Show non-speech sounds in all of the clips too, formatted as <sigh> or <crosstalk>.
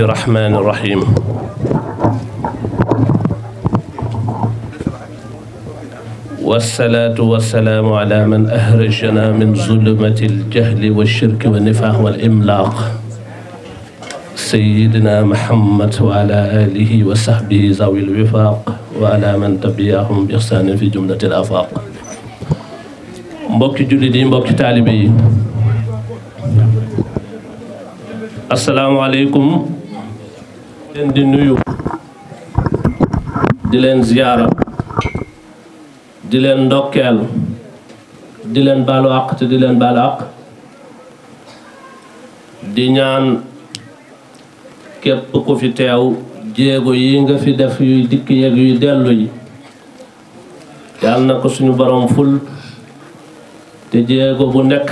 الرحمن الرحيم والصلاة والسلام على من أهرجنا من ظلمة الجهل والشرك والنفاق والإملاق سيدنا محمد وعلى آله وصحبه ذوي الوفاق وعلى من تبعهم بإحسان في جملة الآفاق مبكي جلدين مبكي mbokki السلام عليكم di nuyu leen ziyaara di leen ndokkeel di leen baalu àq te di leen baalu àq di ñaan képp ku fi teew jéego yi nga fi def yuy dikk yeeg yuy dellu yi yàlla na ko suñu borom ful te jéego bu nekk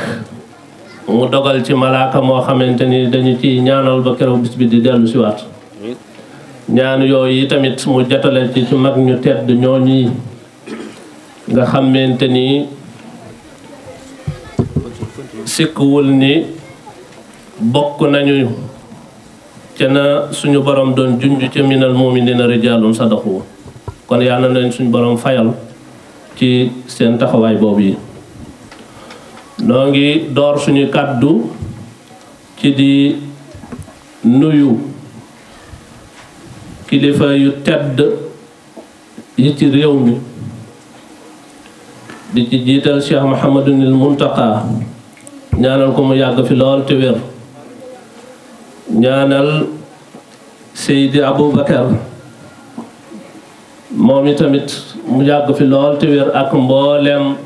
mu dogal ci malaaka moo xamante ni dañu ciy ñaanal ba keroog bis bi di dellu si ñaan yooyu yi tamit mu jotale ci ci mag ñu tedd ñoo yi nga xamante ni sikkuwul ni bokk nañu ca na suñu boroom doon junj ca minal muminina rijaalun sadaqu kon yàlla na suñu borom fayal ci seen taxawaay boobu yi noo ngi door suñu kàddu ci di nuyu kilifa yu tedd yi ci réew mi di ci jiital Cheikh Mouhamadunil Muntaqa ñaanal ko mu yàgg fi lool te wér ñaanal Seydi Aboubacar moom i mu yàgg fi lool te wér ak mboolem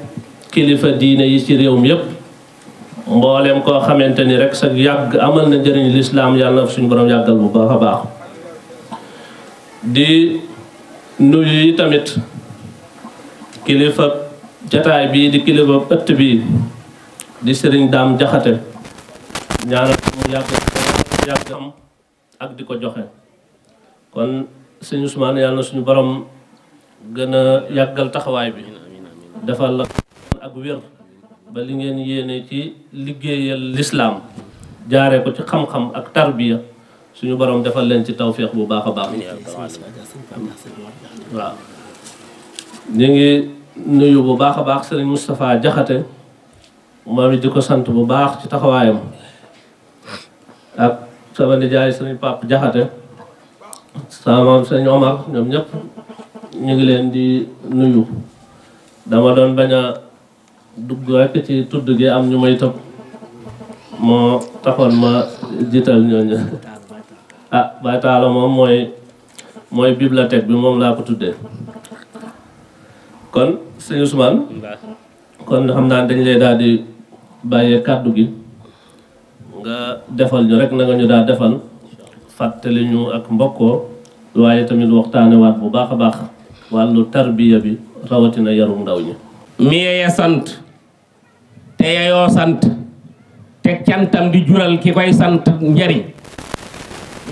kilifa diine yi ci réew mi yépp mboolem koo xamante ni rek sa yàgg amal na njëriñ lislaam yàlla na suñu borom yàggal bu baax a baax di nuyu yi tamit kilifa jataay bii di kilifa ëtt bi di sëriñ daam jaxate ñaanal ko mu yàgg ak di ko joxe kon sëñ Ousmane yàlla suñu boroom gën a yàggal taxawaay bi defal la ak wér ba li ngeen yéene ci liggéeyal lislaam jaare ko ci xam-xam ak tarbiya suñu borom defal leen ci tawfiq bu baax a baax ya waaw ñu ngi nuyu bu baax a baax Umami Moustapha Jaxate moom it di ko sant bu baax ci taxawaayam ak sama nijaay sëriñ Pape Jaxate sama maam sëriñ Omar ñoom ñëpp ñu ngi leen di nuyu dama doon bañ a dugg rekk ci tudd gi am ñu may tëb moo taxoon ma jiital ñooñu ah Baye Talla moom mooy mooy bibliothèque bi moom laa ko tuddee kon sëñ Ousmane kon xam naa dañ lay daal di bàyyee kàddu gi nga defal ñu rek na nga ñu daal defal fàttali ñu ak mbokkoo waaye tamit waxtaane waat bu baax a baax wàllu tarbiya bi rawatina yarum ndaw ñi mi yeya sant te yeyoo sant te cantam di jural ki koy sant njariñ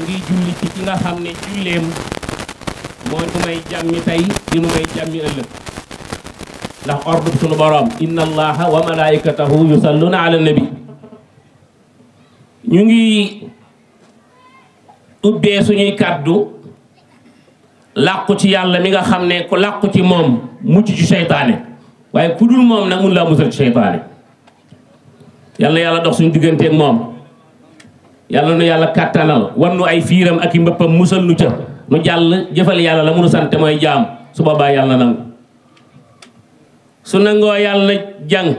ngi julli ci ki nga xam ne julleem moo nu may jàmmi tey di may jàmmi ëllëg ndax ordre sunu boroom inna allaha wa malaikatahu yusalluna ala nabi ñu ngi ubbee suñuy kàddu làqu ci yàlla mi nga xam ne ku làqu ci moom mucc ci seytaane waaye ku dul moom nag mun laa musal ci seytaane yàlla yàlla dox suñu digganteeg moom yàlla nu yàlla kàttanal wan nu ay fiiram ak i mbëppam musal nu ca nu jàll jëfal yàlla la mu nu sant mooy jaam su boobaa yàlla nangu su nangoo yàlla jàng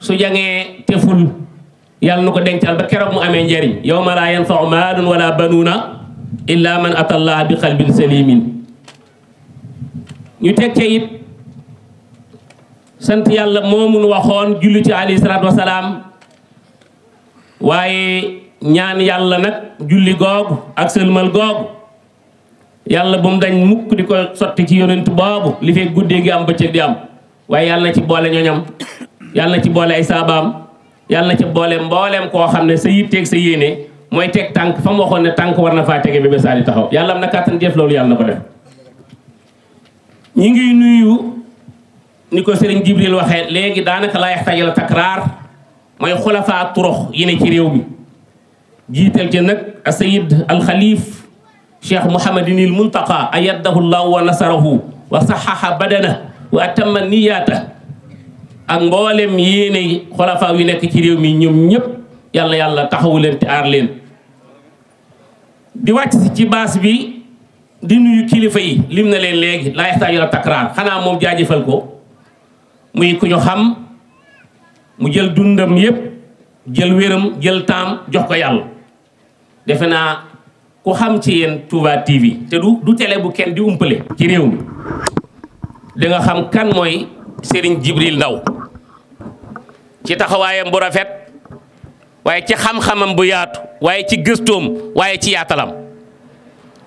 su jàngee teful yàlla nu ko dencal ba keroog mu amee njariñ yawma laa yanfa'u maalun wala banuuna illa man ata allah bi qalbin salimin ñu teg ca it sant yàlla moomun waxoon julli ci wasalaam waaye ñaan yalla nag julli googu ak sëlmal googu yalla bu mu dañ mukk di ko sotti ci yonent boobu li fee guddee gi am bëccëg di am waaye yàlla na ci boole ñoñam na ci boole ay saabaam na ci boole mbooleem koo xam ne sa yitteeg sa yéene mooy teg tànk fa mu waxoon ne tànk war na faa tege taxaw yàlla am na kàttan def loolu yàlla ko def ñi ngi nuyu niko ko sëriñ Jibril waxee léegi daanaka laa yaxtaajal takraar mooy xulafaa turux yi ne ci mi jiital ci nag asayid alxalif cheikh mouhamadinil muntaqa ayaddahu llahu wa nasarahu wa saxaxa badana wa atamma niyaata ak mboolem yéene xolafaa wi nekk ci réew mi ñoom ñëpp yàlla yàlla taxawu leen te aar leen di wàcc si ci baas bi di nuyu kilifa yi lim na leen léegi laa yaxtaaju la takraar xanaa moom jaajëfal ko muy ku ñu xam mu jël dundam yépp jël wéram jël taam jox ko yàlla defe naa ku xam ci yéen Touba TV te du du télé bu kenn di umpale ci réew mi da xam kan mooy Serigne Jibril Ndaw ci taxawaayam bu rafet waaye ci xam-xamam bu yaatu waaye ci gëstoom waaye ci yaatalam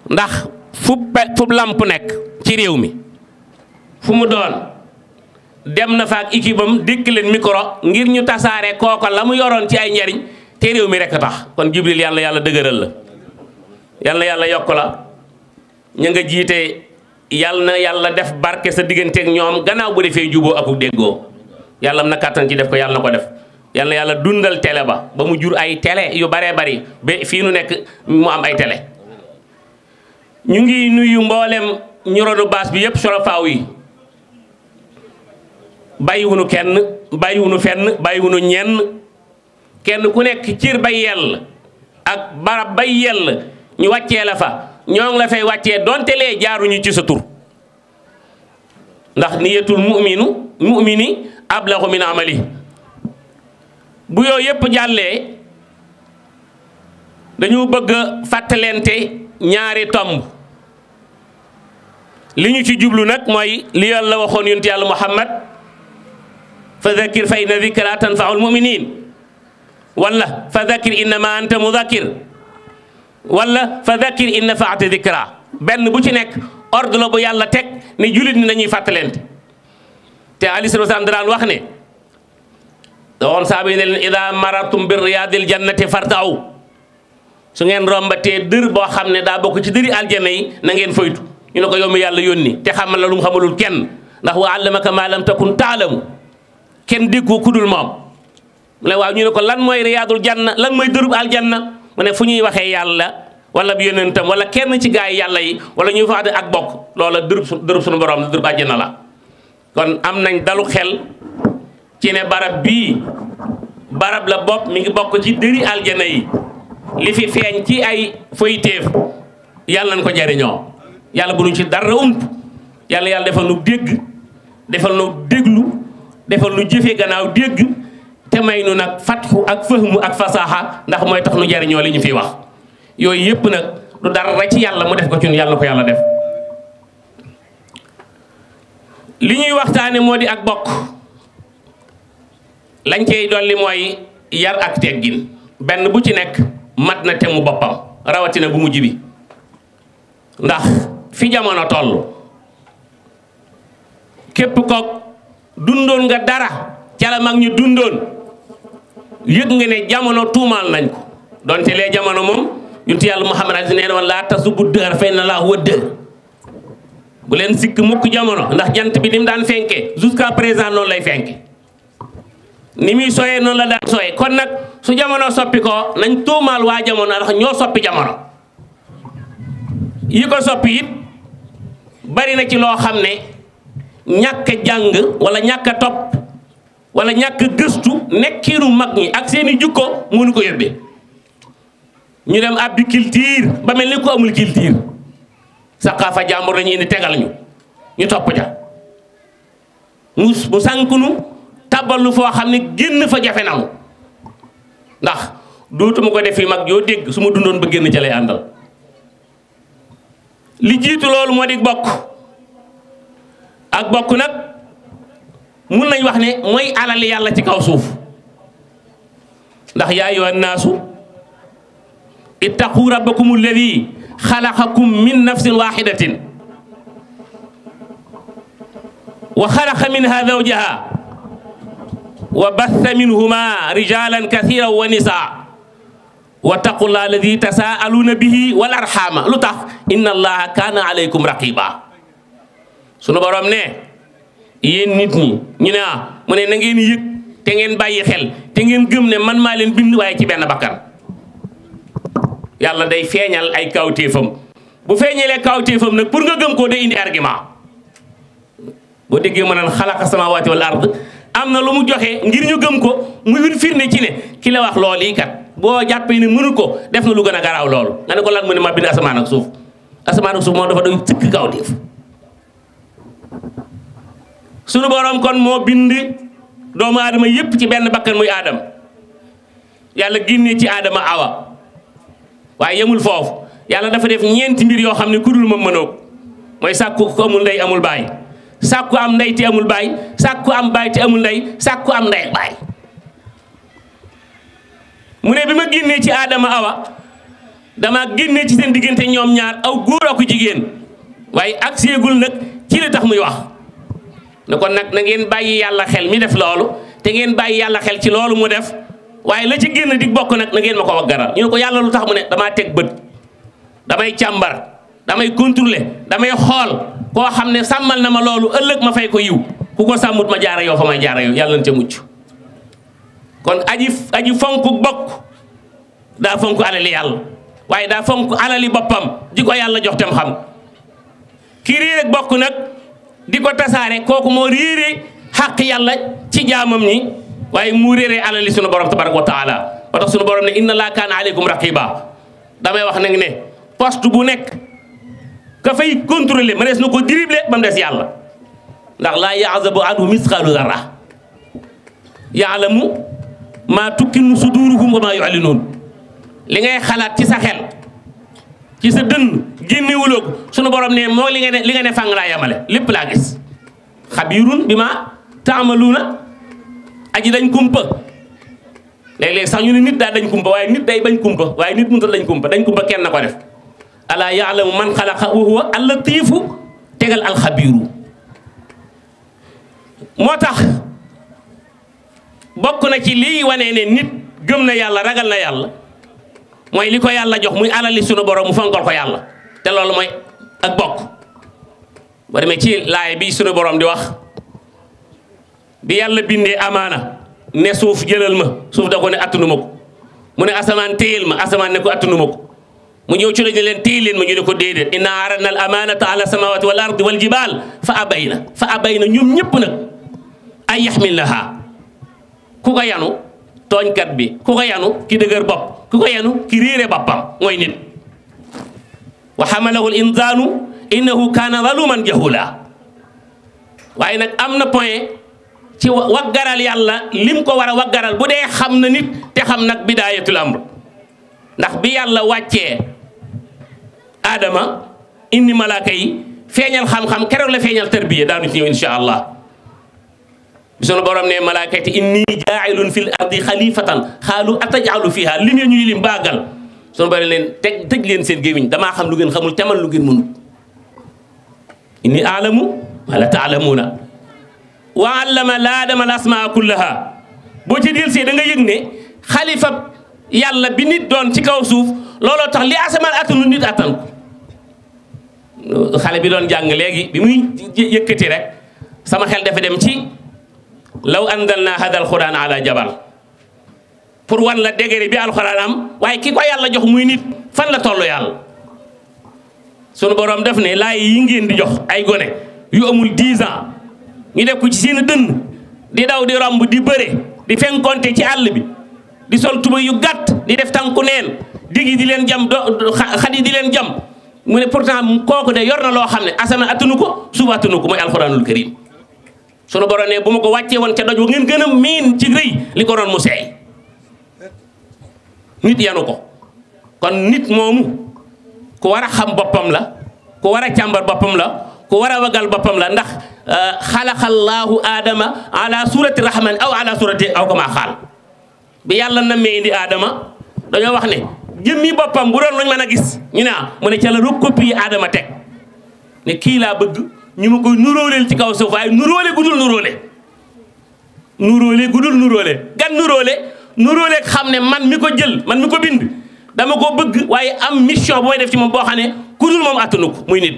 ndax fu fu làmp nekk ci réew mi fu mu doon dem na fa ak équipe am dékk leen micro ngir ñu tasaare kooko la mu yoroon ci ay njariñ te mi rek a tax kon Jibril yàlla yàlla dëgëral la yàlla yàlla yokk la ña nga jiite yàlla na yàlla def barke sa diggante ak ñoom gannaaw bu defee juboo ak déggoo yàlla am na kàttan ci def ko yàlla na ko def yàlla yàlla dundal télé ba ba mu jur ay tele yu baree bari ba fii nu nekk mu am ay tele ñu ngi nuyu mboolem ñu baas bi yépp solo faaw yi bàyyiwunu kenn bàyyiwunu fenn bàyyiwunu ñenn kenn ku nekk cir bay yell ak barab bay yell ñu wàccee la fa ñoo ngi la fay wàccee donte lee jaaruñu ci sa tur ndax niyatul mu'minu mu'mini ablahu min amali bu yooyu yépp jàllee dañu bëgg a fàttalente ñaari tomb li ñu ci jublu nag mooy li yàlla waxoon yonent yàlla muhammad fa dhakkir fa inna dhikra tanfa'ul mu'minin ولا فذكر إنما أنت مذكر wala fa dakir in nafaate dikra benn bu ci nekk ordre la bu yàlla teg ne jullit ni nañuy fàttalente te aleyhi salaatu wa salaam daan wax ne da woon saaba yi ne leen su ngeen rombatee dër boo xam ne daa ci dëri aljanna yi na ngeen foytu ñu ko yow yàlla yónni te xamal la lu mu xamalul kenn ndax wa allamaka ma lam takun taalamu kenn déggu ku dul mu ne waaw ñu ne ko lan mooy riyaadul janna lan mooy dërub aljanna mu ne fu ñuy waxee yàlla wala bi yonentam wala kenn ci gaa yi yàlla yi wala ñu faate ak bokk loola dërub su dërub suñu borom dërub àjjana la kon am nañ dalu xel ci ne barab bii barab la bopp mu ngi bokk ci dëri aljana yi li fi feeñ ci ay foyteef yàlla nañ ko jariñoo yàlla bu ñu ci dara ump yàlla yàlla defal nu dégg defal nu déglu defal nu jëfe gannaaw dégg te nak nu nag fatxu ak fëhmu ak fasaxa ndax mooy tax nu jariñoo li ñu fiy wax yooyu yëpp nag du dara ci yàlla mu def ko ci nu yàlla ko yàlla def li ñuy waxtaane di ak bokk lañ cey dolli mooy yar ak teggin Ben bu ci nekk mat na te mu boppam rawatina bu mujj bi ndax fi jamono toll képp kook dundoon nga dara ca la mag ñu dundoon yëg nga ne jamono tuumaal nañ ko donte lee jamono moom yonent yàlla xam a nee na woon laa tasubbu dëhr fa inna llaaha huwa dëhr bu leen sikk mukk jamono ndax jant bi ni mu daan fenkee jusqu'à présent noonu lay fenke ni muy sooyee noonu la daan sooyee kon nag su jamono soppi ko nañ tuumaal waa jamono ndax ñoo soppi jamono yi ko soppi it bari na ci loo xam ne ñàkk jàng wala ñàkk a topp wala ñàkk gëstu nekkiinu mag ñi ak seeni jukko mënu ko yóbbee ñu dem abbi culture ba mel ko amul culture saqaafa jàmbur lañu indi tegal ñu ñu topp ja mu mu sànkunu tàbbal nu foo xam ne génn fa jafe namu ndax dootuma ko def fi mag yoo dégg su ma dundoon ba génn ca lay àndal li jiitu loolu moo di ak bokk nag mën nañ wax ne mooy alal yàlla ci kaw suuf ndax yaa ayyuha nnaasu ittaqu rabbakum alladi xalaqakum min nafsin waxidatin wa xalaqa minha zawjaha wa batha minhuma rijalan kathiran wa nisaa wattaqu llaha alladi tasaaluuna bihi wal arxaama lu tax inna allaha kaana alaykum raqiba sunu borom ne yéen nit ñi ñu ne ah mu ne na ngeen yëg te ngeen bàyyi xel te ngeen gëm ne man maa leen bind waaye ci benn bakkan yàlla day feeñal ay kawtéefam bu feeñalee kawtéefam nag pour nga gëm koo day indi argument boo déggee ma naan xalaqa sama wal ard am na lu mu joxe ngir ñu gëm ko mu wir firnde ci ne ki wax lool yi kat boo jàppee ne mënu ko def na lu gën a garaaw loolu nga ne ko lan mu ne ma bind asamaan ak suuf asamaan ak suuf moom dafa doy sëkk kawtéef sunu boroom kon moo bind doomu aadama yépp ci benn bakkan muy aadama yàlla génnee ci aadama awa waaye yemul foofu yàlla dafa def ñeenti mbir yoo xam ne ku dul moom mënoo ko mooy sàkku ko amul ndey amul baay sàkku am ndey te amul baay sàkku am baay te amul ndey sàkku am ndey baay mu ne bi ma génnee ci aadama awa dama génnee ci seen diggante ñoom ñaar aw góor ak jigéen waaye ak séegul nag ci la tax muy wax ne kon nag na ngeen bàyyi yàlla xel mi def loolu te ngeen bàyyi yàlla xel ci loolu mu def waaye la ci génn di bokk nag na ngeen ma ko waggaral ñu ne ko yàlla lu tax mu ne damaa teg bët damay càmbar damay contrôler damay xool koo xam ne sàmmal na ma loolu ëllëg ma fay ko yiw ku ko sàmmut ma jaara yow fa may jaara yow yàlla na ca mucc kon aji aji fonk bokk daa fonk alali yàlla waaye daa fonk alali boppam di ko yàlla jox tem xam kii rek bokk nag. di ko tasaare kooku moo réere xaq yàlla ci jaamam ni waaye mu réere alali sunu borom tabaraka wa taala ba tax sunu borom ne inna laa kaana aleykum raqiba damay wax nag ne poste bu nekk ka fay contrôler mënees na ko dribler ba mu des yàlla ndax laa yaazabu anhu misqaalu dara mu maa tukkinu suduruhum wa maa yu'linuun li ngay xalaat ci sa xel ci sa dënn génnewuloo ko sunu borom ne moo li nga ne li nga ne fàng yamale lépp laa gis xabiirun bi ma taamaluuna aji dañ kumpa léeg-léeg sax ñu ne nit daal dañ kumpa waaye nit day bañ kumpa waaye nit mënut dañ kumpa dañ kumpa kenn na ko def alaa yaalamu man xalaqa wa huwa allatiifu tegal alxabiiru moo tax bokk na ci lii wane ne nit gëm na yàlla ragal na yàlla mooy li ko yàlla jox muy alali sunu borom mu fonkal ko yàlla te lolou moy ak bok ba demee ci lay bi suñu borom di wax bi yàlla bindé amana ne suuf jëlal ma suuf da ko ne atunu mako mu ne asaman téyel ma asaman ne ko atunu mako mu ñëw ci lañu leen téye leen ma ñu ne ko dédé inna aradna al amanata ala samawati wal ardi wal jibal fa abayna fa abayna ñum ñëpp nak ay yahmilaha ku ko yanu kat bi ku ko yanu ki dëgër bop ku ko yanu ki réere boppam moy nit وحمله الإنسان إنه كان ظلوما جهولا وأين أمنا بوين تي وغرال يالا لم كو ورا وغرال بودي خمنا نيت تي خمنا بداية الأمر ناخ بي يالا واتي آدم إني ملاكي فينيال خم خم كرو لا فينيال تربية دانو تيو إن شاء الله بسم بروم ني ملاكي إني جاعل في الأرض خليفة خالو أتجعل فيها لم ينيو لم باغال sunu bari len tej tëj len sen gémmiñ dama xam lu gen xamul te lu gen mun inni a'lamu aalamu la ta'lamuna wa allama la adama al asmaa kullaha bo ci delsee da nga yegne khalifa yàlla bi nit don ci kaw suuf lolo tax li asamaan atunu nit attan ko xale bi don jàng legi bi muy yëkkati rek sama xel dafa dem ci law andalna hadha al quraan ala jabal pour wan la degré bi alxuraan am waaye ki ko yàlla jox muy nit fan la toll yàlla sunu borom def ne laay yi ngeen di jox ay gone yu amul 10 ans ñu def ko ci seen dënn di daw di romb di bëre di fenkonte ci àll bi di sol tuba yu gàtt di def tànku neen digi di leen jam do xadi di leen jam mu ne pourtant kooku de yor na loo xam ne asana attanu ko suba attanu ko mooy alxuraanul karim sunu borom ne bu ma ko wàccee woon ca doj wa ngeen gën a miin ci li ko doon mu nit yanu ko kon nit moomu ku war a xam boppam la ku war a càmbar boppam la ku war a wagal boppam la ndax euh, xalaqallaahu aadama ala surati rahmani aw ala surati aw kama xaal bi yàlla nammee indi aadama dañoo wax ne jëmmi boppam bu doon luñ mën a gis ñu ne ah mu ne ca la recopier aadama teg ne kii laa bëgg ñu ma koy nuróoleel ci kaw suuf waaye nuróole gudul nuróole nuróole gan nuróole nuróoleeg xam ne man mi ko jël man mi ko bind dama ko bëgg waaye am mission bu may def ci moom boo xam ne ku moom attanu ko muy nit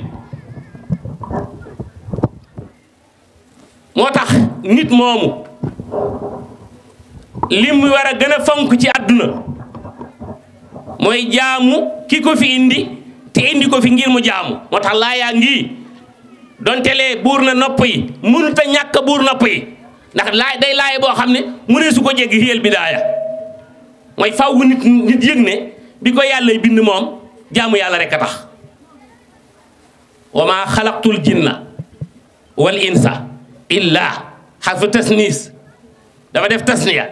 moo tax nit moomu lim mu war a gën a fonk ci àdduna mooy jaamu ki ko fi indi te indi ko fi ngir mu jaamu moo tax laa yaa ngi donte buur na nopp yi mënut a ñàkk buur nopp yi ndax laay day laay boo xam ne mu ne su ko jéggi xiyal bidaaya mooy faw nit nit yëg ne bi ko yàlla bind moom jaamu yàlla rek a tax wa maa xalaqtul jinna wal insa illa xarfu tasniis dafa def tasniya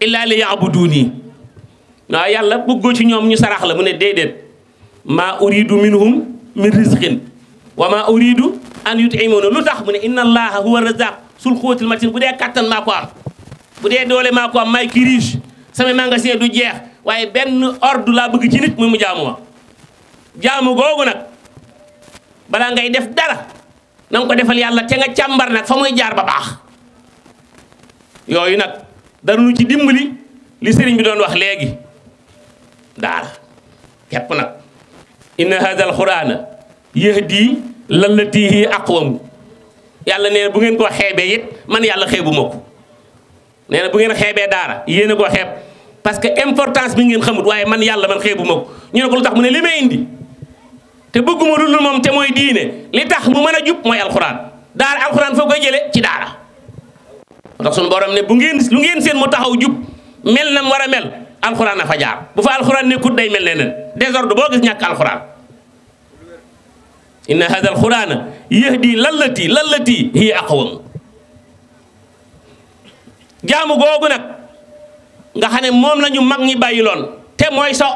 illa li yaabuduuni waaw yàlla bëggoo ci ñoom ñu sarax la mu ne déedéet maa uridu minhum min rizqin wa maa uridu an yutimuuna lu tax mu ne inna allaha huwa razaq sul xóotil matin bu dee kattan maa ko am bu dee doole maa ko am may ki riche sama magasin du jeex waaye benn ordre laa bëgg ci nit muy mu jaamu ma jaamu googu nag balaa ngay def dara na ko defal yàlla te nga càmbar nag fa muy jaar ba baax yooyu nag dara nu ci dimbali li sëriñ bi doon wax léegi daara képp nag inna hadha alqurana yahdi lallati hi aqwamu yàlla nee bu ngeen ko xeebee it man yàlla xeebu ma ko nee na bu ngeen xeebee daara yéen a ko xeeb parce que importance bi ngeen xamut waaye man yàlla man xeebu ma ko ñu ne ko lu tax mu ne li indi te bëgguma dul moom te mooy diine li tax mu mën a jub mooy alxuraan daara alxuraan foo koy jëlee ci daara. ndax suñu borom ne bu ngeen lu ngeen seen mu taxaw jub mel na mu war a mel alxuraan a fa jaar bu fa alxuraan nekkut day mel ne nen désordre boo gis ñàkk alxuraan. إن هذا القرآن يهدي للتي للتي هي أقوم jaamu googu nag nga xam ne moom la ñu mag ñi bàyyi loon te mooy sa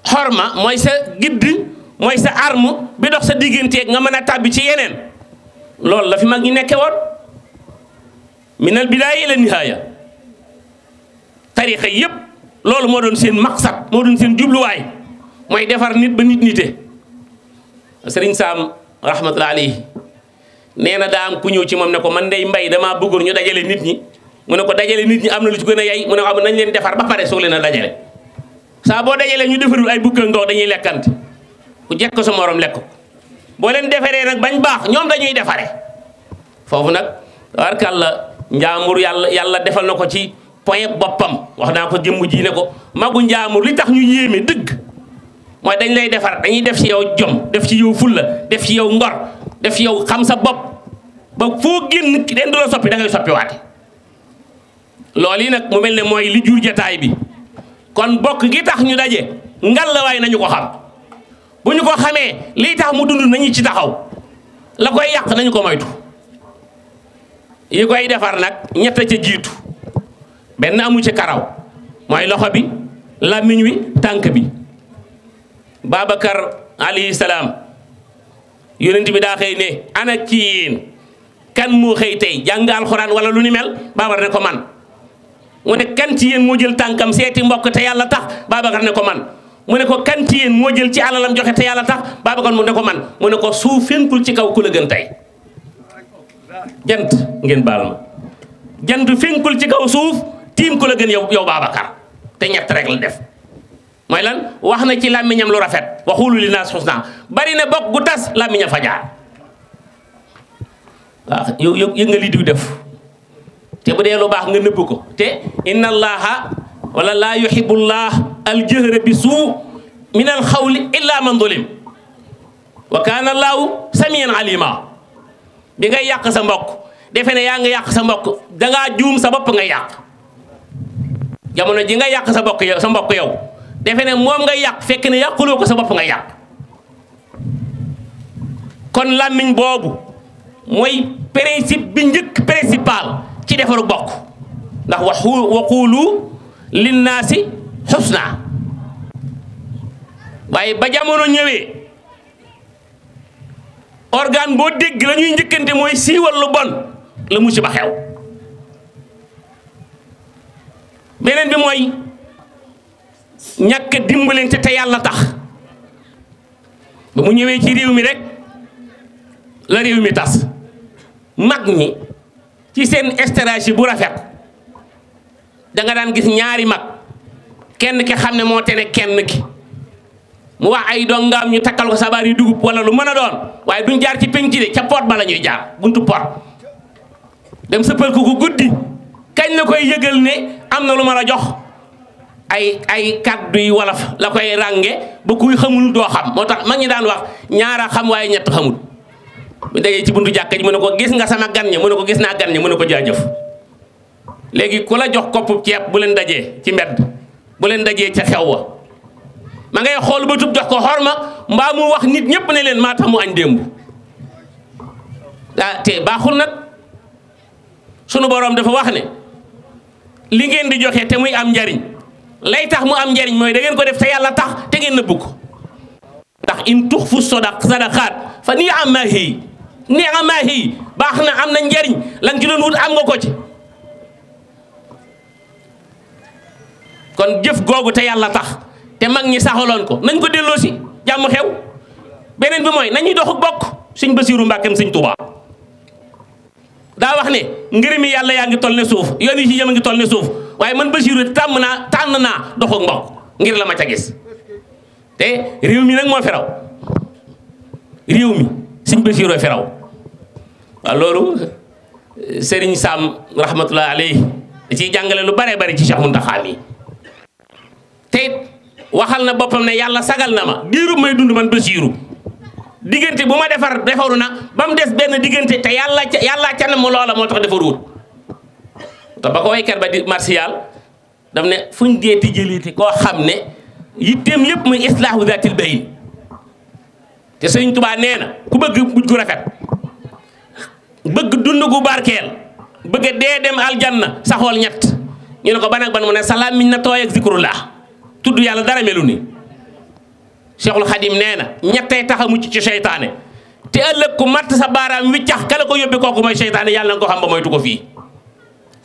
xorma mooy sa gidd mooy sa arme bi dox sa digganteeg nga mën a tàbbi ci yeneen loolu la fi mag ñi nekke woon minal bidaaya ila nihaaya tarixa yépp loolu moo doon seen maqsad moo doon seen jubluwaay mooy defar nit ba nit nite sëriñ Saam rahmatulah alayhi nee na daa am ku ñëw ci moom ne ko man day mbay damaa bëggoon ñu dajale nit ñi mu ne ko dajale nit ñi am na lu ci gën a yay mu ne ko am nañ leen defar ba pare soog saa boo dajalee ñu defarul ay bugg dañuy lekkante ku jekk ko sa morom lekk ko boo leen defaree nag bañ baax ñoom dañuy defare foofu nag warkàlla njaamur yàlla yàlla defal na ko ci point boppam wax naa ko jëmm ji ne ko magu njaamur li tax ñu yéeme dëgg. mooy dañ lay defar dañuy def ci yow jom def ci yow fulla def ci yow ngor def ci yow xam sa bopp ba foo génn ki den du la soppi da ngay soppiwaate loolu yi nag mu mel ni mooy li jur jataay bi kon bokk gi tax ñu daje ngal la waaye nañu ko xam bu ñu ko xamee lii tax mu dund nañu ci taxaw la koy yàq nañu ko moytu yi koy defar nag ñett ca jiitu benn amu ci karaw mooy loxo bi làmmiñ wi tànk bi Babakar alayhi salaam yonent bi daa xëy ne ana ci kan moo xëy tey jàng alxuraan wala lu ni mel Babacar ne ko man mu ne kan ci yéen moo jël tànkam seeti mbokk te yàlla tax Babacar ne ko man mu ne ko kan ci yéen moo jël ci alalam joxe te yàlla tax Babacar mu ne ko man mu ne ko suuf fenkul ci kaw ku la gën tey jant ngeen baal jant fenkul ci kaw suuf tiim ku la gën yow yow te ñett rek la def mooy lan wax na ci làmmiñam lu rafet waxulu li naas xusna bari na bokk gu tas làmmiña fa jaar yow yow nga li diw def te bu dee lu baax nga nëbb te inna Allah wala laa yuhibu llah aljëhra bi suu min alxawli illa man zulim wa kaana allahu samian alima bi ngay yak sa mbokk defe ne yaa nga yàq sa mbokk dangaa juum sa bopp nga yàq jamono ji nga yàq sa mbokk yow sa mbokk yow defe ne moom nga yàq fekk ne yàquloo ko sa bopp nga yàq kon làmmiñ boobu mooy principe bi njëkk principal ci defaru bokk ndax waxu waxuulu linnaasi xusnaa waaye ba jamono ñëwee organe boo dégg la ñuy njëkkante mooy lu bon la musiba xew beneen bi mooy ñàkk a ca te yàlla tax ba mu ñëwee ci réew mi rek la réew mi tas mag ñi ci seen stratégie bu rafet danga daan gis ñaari mag kenn ki xam ne moo tene kenn ki mu wax ay dongaam ñu takkal ko sabar yu dugub wala lu mën a doon waaye duñ jaar ci penc de ca port ba la ñuy jaar buntu port dem sëppal ko ko guddi kañ la koy yëgal ne am na lu ma a jox. ay ay kaddu yi wolof la koy rànge ba kuy xamul doo xam moo tax mag ñi daan wax ñaara xam waaye ñett xamul bu dajee ci buntu ji ko gis nga sama gan ña ko gis na gan ña mu ne ko jaajëf léegi ku la jox koppu ceeb bu leen dajee ci mbedd bu leen xew wa ma ngay xool ba tub jox ko xorma mbaa mu wax nit ñëpp ne leen maa tax añ ah, te baaxul nag sunu boroom dafa wax ne li ngeen di joxe te muy am lay tax mu am njariñ mooy dangeen ko def te yàlla tax te ngeen nëbbu ko ndax in tux fu soda sadaqaat fa nii am maa xii nii am maa xii baax na am na njariñ lan ci doon wut am nga ko ci kon jëf googu te yàlla tax te mag ñi saxaloon ko nañ ko delloosi jàmm xew beneen bi mooy nañuy doxuk bokk suñ basiiru mbàkkem suñ tubaa daa wax ne ngërëmi yàlla yaa ngi toll ne suuf yoon yi ci jëm a ngi toll ne suuf waaye man Basiiru tàmm naa tànn naa doxu mbokk ngir la ma ca gis te réew mi nag moo fi raw réew mi sëñ Basiiru fi raw waaw loolu Serigne Sam rahmatullah alayhi da ciy jàngale lu bare bari ci Cheikh Mountakha mi te waxal na boppam ne yàlla sagal na ma diiru may dund man Basiiru diggante bu ma defar defaru na ba mu des benn diggante te yàlla ca yàlla ca na mu loola moo tax defaruwut te ba ko waykat ba di martial daf ne fuñ deeti jëliti koo xam ne yitteem lépp muy islaahu zatil bayn te sëñ tubaa nee na ku bëgg mujj gu rafet bëgg dund ku barkeel bëgg dee dem na aljanna xool ñett ñu ne ko ban ak ban mu ne salaam miñ na tooy ak zikrullah tudd yàlla dara melu ni cheikhul xadim nee na ñettay tax a mucc ci seytaane te ëllëg ku matt sa baaraam wiccax kala ko yóbbi kooku mooy seytaane yàlla nga ko xam ba moytu ko fii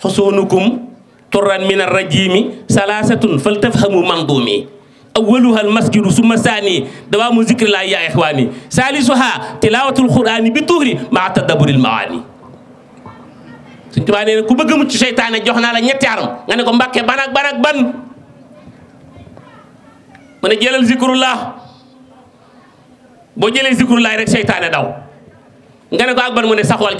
xusuunukum turran min arrajimi salaasatun faltafhamu manduumi awaluha almasjidu summa saani dawaamu zikrillahi ya ixwaani saalisuha tilaawatul quraani bi tuhri maa tadaburil mawaani suñ tubaa nee na ku bëgg jox naa la ñetti aram nga ko mbàkke ban ak ban ak ban mu ne jëlal zikrullah rek seytaane daw nga ko ak ban mu ne saxwal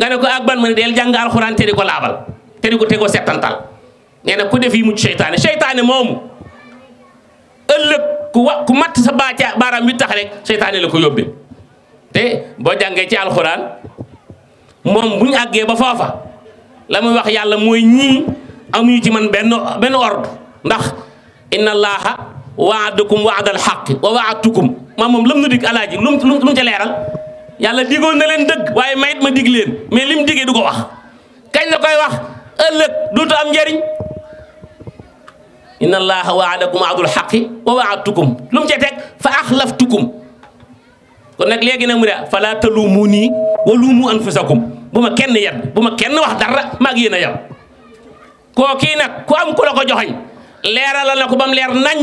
nga ko ak ban mu ne del jàng alxuraan te di ko laabal te di ko te settantal nee na ku def yi mucc seytaane seytaane moomu ëllëg ku matt sa baa ca baaraam wi tax rek seytaane la ko yóbbee te boo jàngee ci alxuraan moom bu ñu ba foofa la muy wax yàlla mooy ñii amuñu ci man benn benn ordre ndax inna allaha waadakum waadal xaqi wa waadtukum maa moom lam nu dig alaaji lu mu lu mu leeral yàlla digoon na leen dëgg waaye mayit ma dig leen mais lim digee du ko wax kañ la koy wax ëllëg duutu am njariñ inna allaha waadakum waadul xaqi wa waadtukum lu mu ca fa axlaftukum kon nag léegi nag mu ne fala talumuuni wa luumu anfusakum bu ma kenn yedd bu ma kenn wax dara maa ngi yéen a yem koo kii nag ku am ku la ko joxoñ leeralal na ko ba leer nañ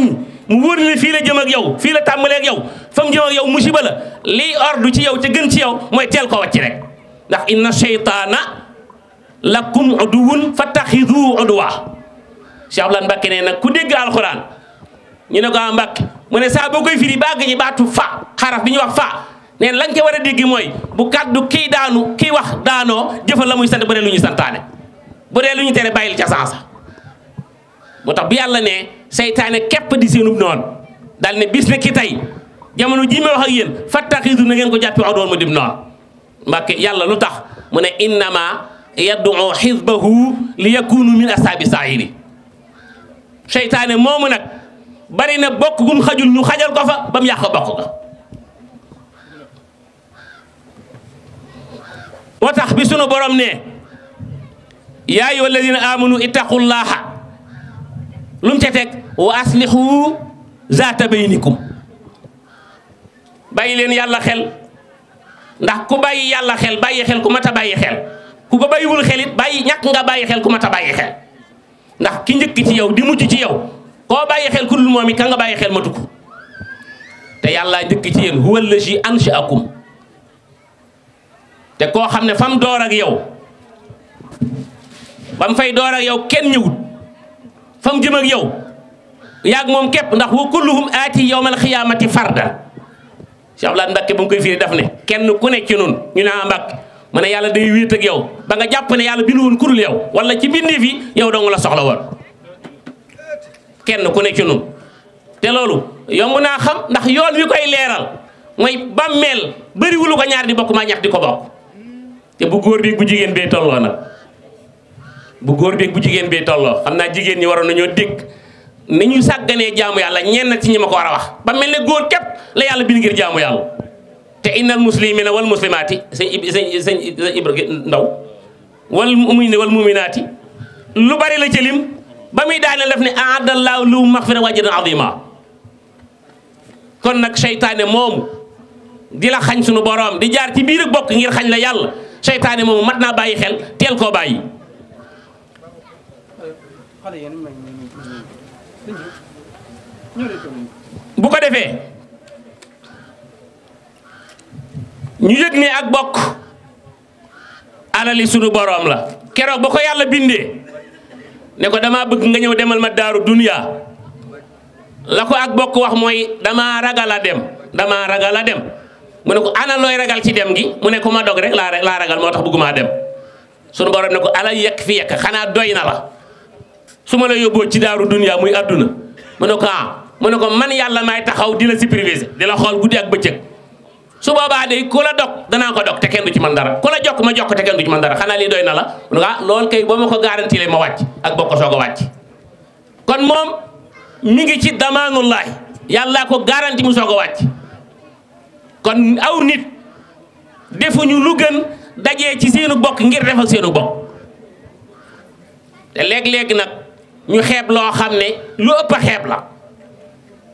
mu wóor ni fii la jëm ak yow fii la tàmbalee ak yow fa mu jëm mu yow musiba la liy ordu ci yow ca gën ci yow mooy teel ko wàcc rek ndax inna shaytaana lakum uduwun fattaxidu uduwa Cheikh Abdoulaye Mbacke nee nag ku dégg alxuraan ñu ne ko a ah Mbacke mu ne saa boo koy firi bàgg ñi baatu fa xaraf bi ñuy wax fa neen lañ ko war a dégg mooy bu kàddu kii daanu kii wax daanoo jëfal la muy sant bu lu ñu santaane bu dee lu ñu tere bàyyil ca sansa moo tax bu yàlla nee seytaane képp di seenub noonu daal ne bis tey jamono jii may wax ak yéen fattaxiidu na ngeen ko jappi jàppee adoon ma dim naa mbàkke yàlla lutax mune mu ne innama yaddu xisbahu li yakunu min asaabi sa'iri shaytané moomu nak bari na bokku gum xajul ñu xajal ko fa bam mu yàq ko ga moo bi sunu borom ne yaa ayyuha alladina amanu ittaqullaha lu mu ca teg wa aslihu zaata baynikum bayi len yàlla xel ndax ku bayi yàlla xel bayi xel ku mata bayi xel ku ko bayiwul xelit bayi ñak nga bayi xel ku mata bayi xel ndax ki ñeek ci yow di mujj ci yow ko bayi xel ku dul ka nga bayi xel matu te yàlla njëkk ci yéen huwa allazi ansha'akum te ko xamne fam door ak yow bam fay door ak yow kenn ñëwut fam jëm ak yow yaak mom kep ndax wa kulluhum ati yawmal xiyaamati farda cheikh abdoulaye mbacke bu ngi koy firi daf ne kenn ku ne ci nun ñu ne mbàkke mu ne yàlla day wéet ak yow ba nga jàpp ne yàlla bindu woon kurul yow wala ci bindee fi yow dong la soxla woon kenn ku ne ci nun te loolu yomb naa xam ndax yoon wi koy leeral mooy bàmmeel bëriwulu ko ñaar di bokk ñax di ko bokk te bu góor beeg bu jigen bee tolloo nag bu góor beeg bu jigéen bee tolloo xam naa jigéen ñi waroon nañoo dégg ni ñu jaamu yàlla ñenn ci ñi ko war wax ba mel ne góor لا يالا بي نغير جامو يالا تي ان المسلمين والمسلمات سين سين ابرغ نداو والمؤمنين والمؤمنات لو باري لا تي ليم بامي دانا لاف ني عاد الله لو مغفره واجد عظيما كون نك شيطان موم دي لا خاني سونو بوروم دي جار تي بيرك بوك غير خاني لا يالا شيطان موم ماتنا باي خيل تيل كو باي بوكا دفي ñu yëg ne ak bokk alali sunu borom la keroog ba ko yàlla bindee ne ko dama bëgg nga ñëw demal ma daaru duniya la ko ak bokk wax mooy damaa ragal a dem dama ragala dem mu ne ko ana looy ragal ci dem gi mu ne ma dog rek laa laa ragal moo tax bëgguma dem sunu boroom ne ko ala yekk fi yekk xanaa doy na la su ma la yóbboo ci daaru duniya muy àdduna mu ne ah mu ne ko man yàlla may taxaw di la superviser di la xool guddi ak bëccëg su boobaa day ku la dog danaa ko dog te kenn du ci man dara ku la jokk ma jokk te kenn du ci man dara xanaa lii doy na la ah loolu kay boo ma ko garanti le ma wàcc ak bokk soog a wàcc kon moom mi ngi ci damaanullahi yàllaa ko garanti mu soog a wàcc kon aw nit defuñu lu gën dajee ci seenu bokk ngir defal seenu bokk te léeg-léeg nag ñu xeeb loo xam ne lu ëpp a xeeb la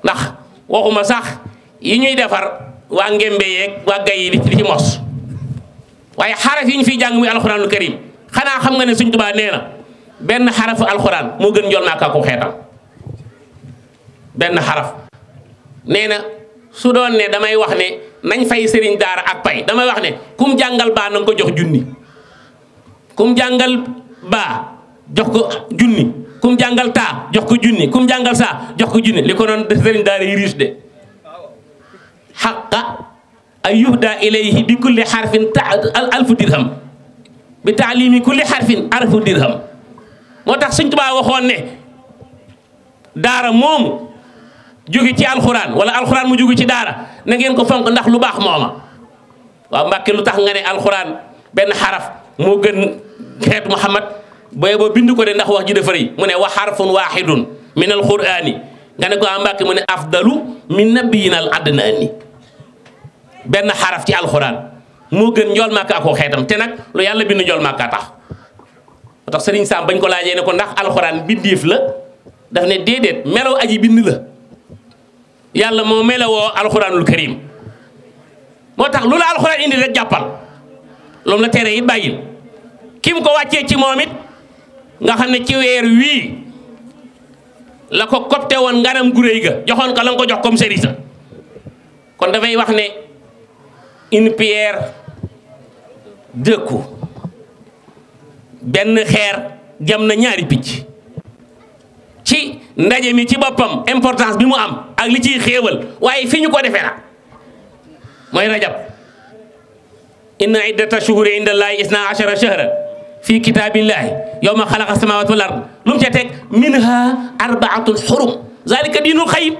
ndax waxuma sax yi ñuy defar waa Ngembe yeeg waa Gaye di ci mos waaye xaraf yi ñu fiy jàng muy alxuraanul karim xanaa xam nga ne suñ tubaa nee na benn xarafu alxuraan moo gën njool naa kàkku xeetam benn xaraf nee na su doon ne damay wax ne nañ fay sëriñ daara ak pay damay wax ne kum jàngal baa na ko jox junni kum jàngal baa jox ko junni kum jàngal taa jox ko junni kum jàngal saa jox ko junni li ko doon sëriñ daara yi riche de أن يهدى إليه بكل حرف ألف درهم بتعليم كل حرف ألف درهم moo tax Sëñ Tuubaa waxoon ne daara moomu jóge ci alxuraan wala alxuraan mu jóge ci daara na ngeen ko fonk ndax lu baax mooma waaw Mbàkke lu tax nga ne alxuraan benn xaraf moo gën xeet Muhammad booy boo bind ko de ndax wax ji dafa rëy mu ne wa xarfun waaxidun min alxuraani nga ne ko ah Mbàkke mu ne afdalu min nabiyina al adnaani benn haraf ci alxuraan moo gën njool màkka ak xeetam lo nag lu yàlla bind njool màkka tax moo tax sëriñ Sam bañ ko laajee ne ko ndax la daf aji bind la yàlla moo melowoo alxuraanul karim moo tax lu la alxuraan indi rek jàppal loolu la tere yi bayil. Kim mu ko wàccee ci moom it nga xam ne ci weer wii la ko copte woon nganam gu ga ko ko jox comme kon wax une pierre deux coups benn xeer jam na ñaari picc ci ndaje mi ci boppam importance bi mu am ak li ciy xéewal waaye fi ñu ko defee la mooy rajab inna iddata shuhuri inda allahi isna ashara fi kitabillahi yawma xalaqa samawati wal ard lu mu ca minha arba'atul hurum zalika diinul xayim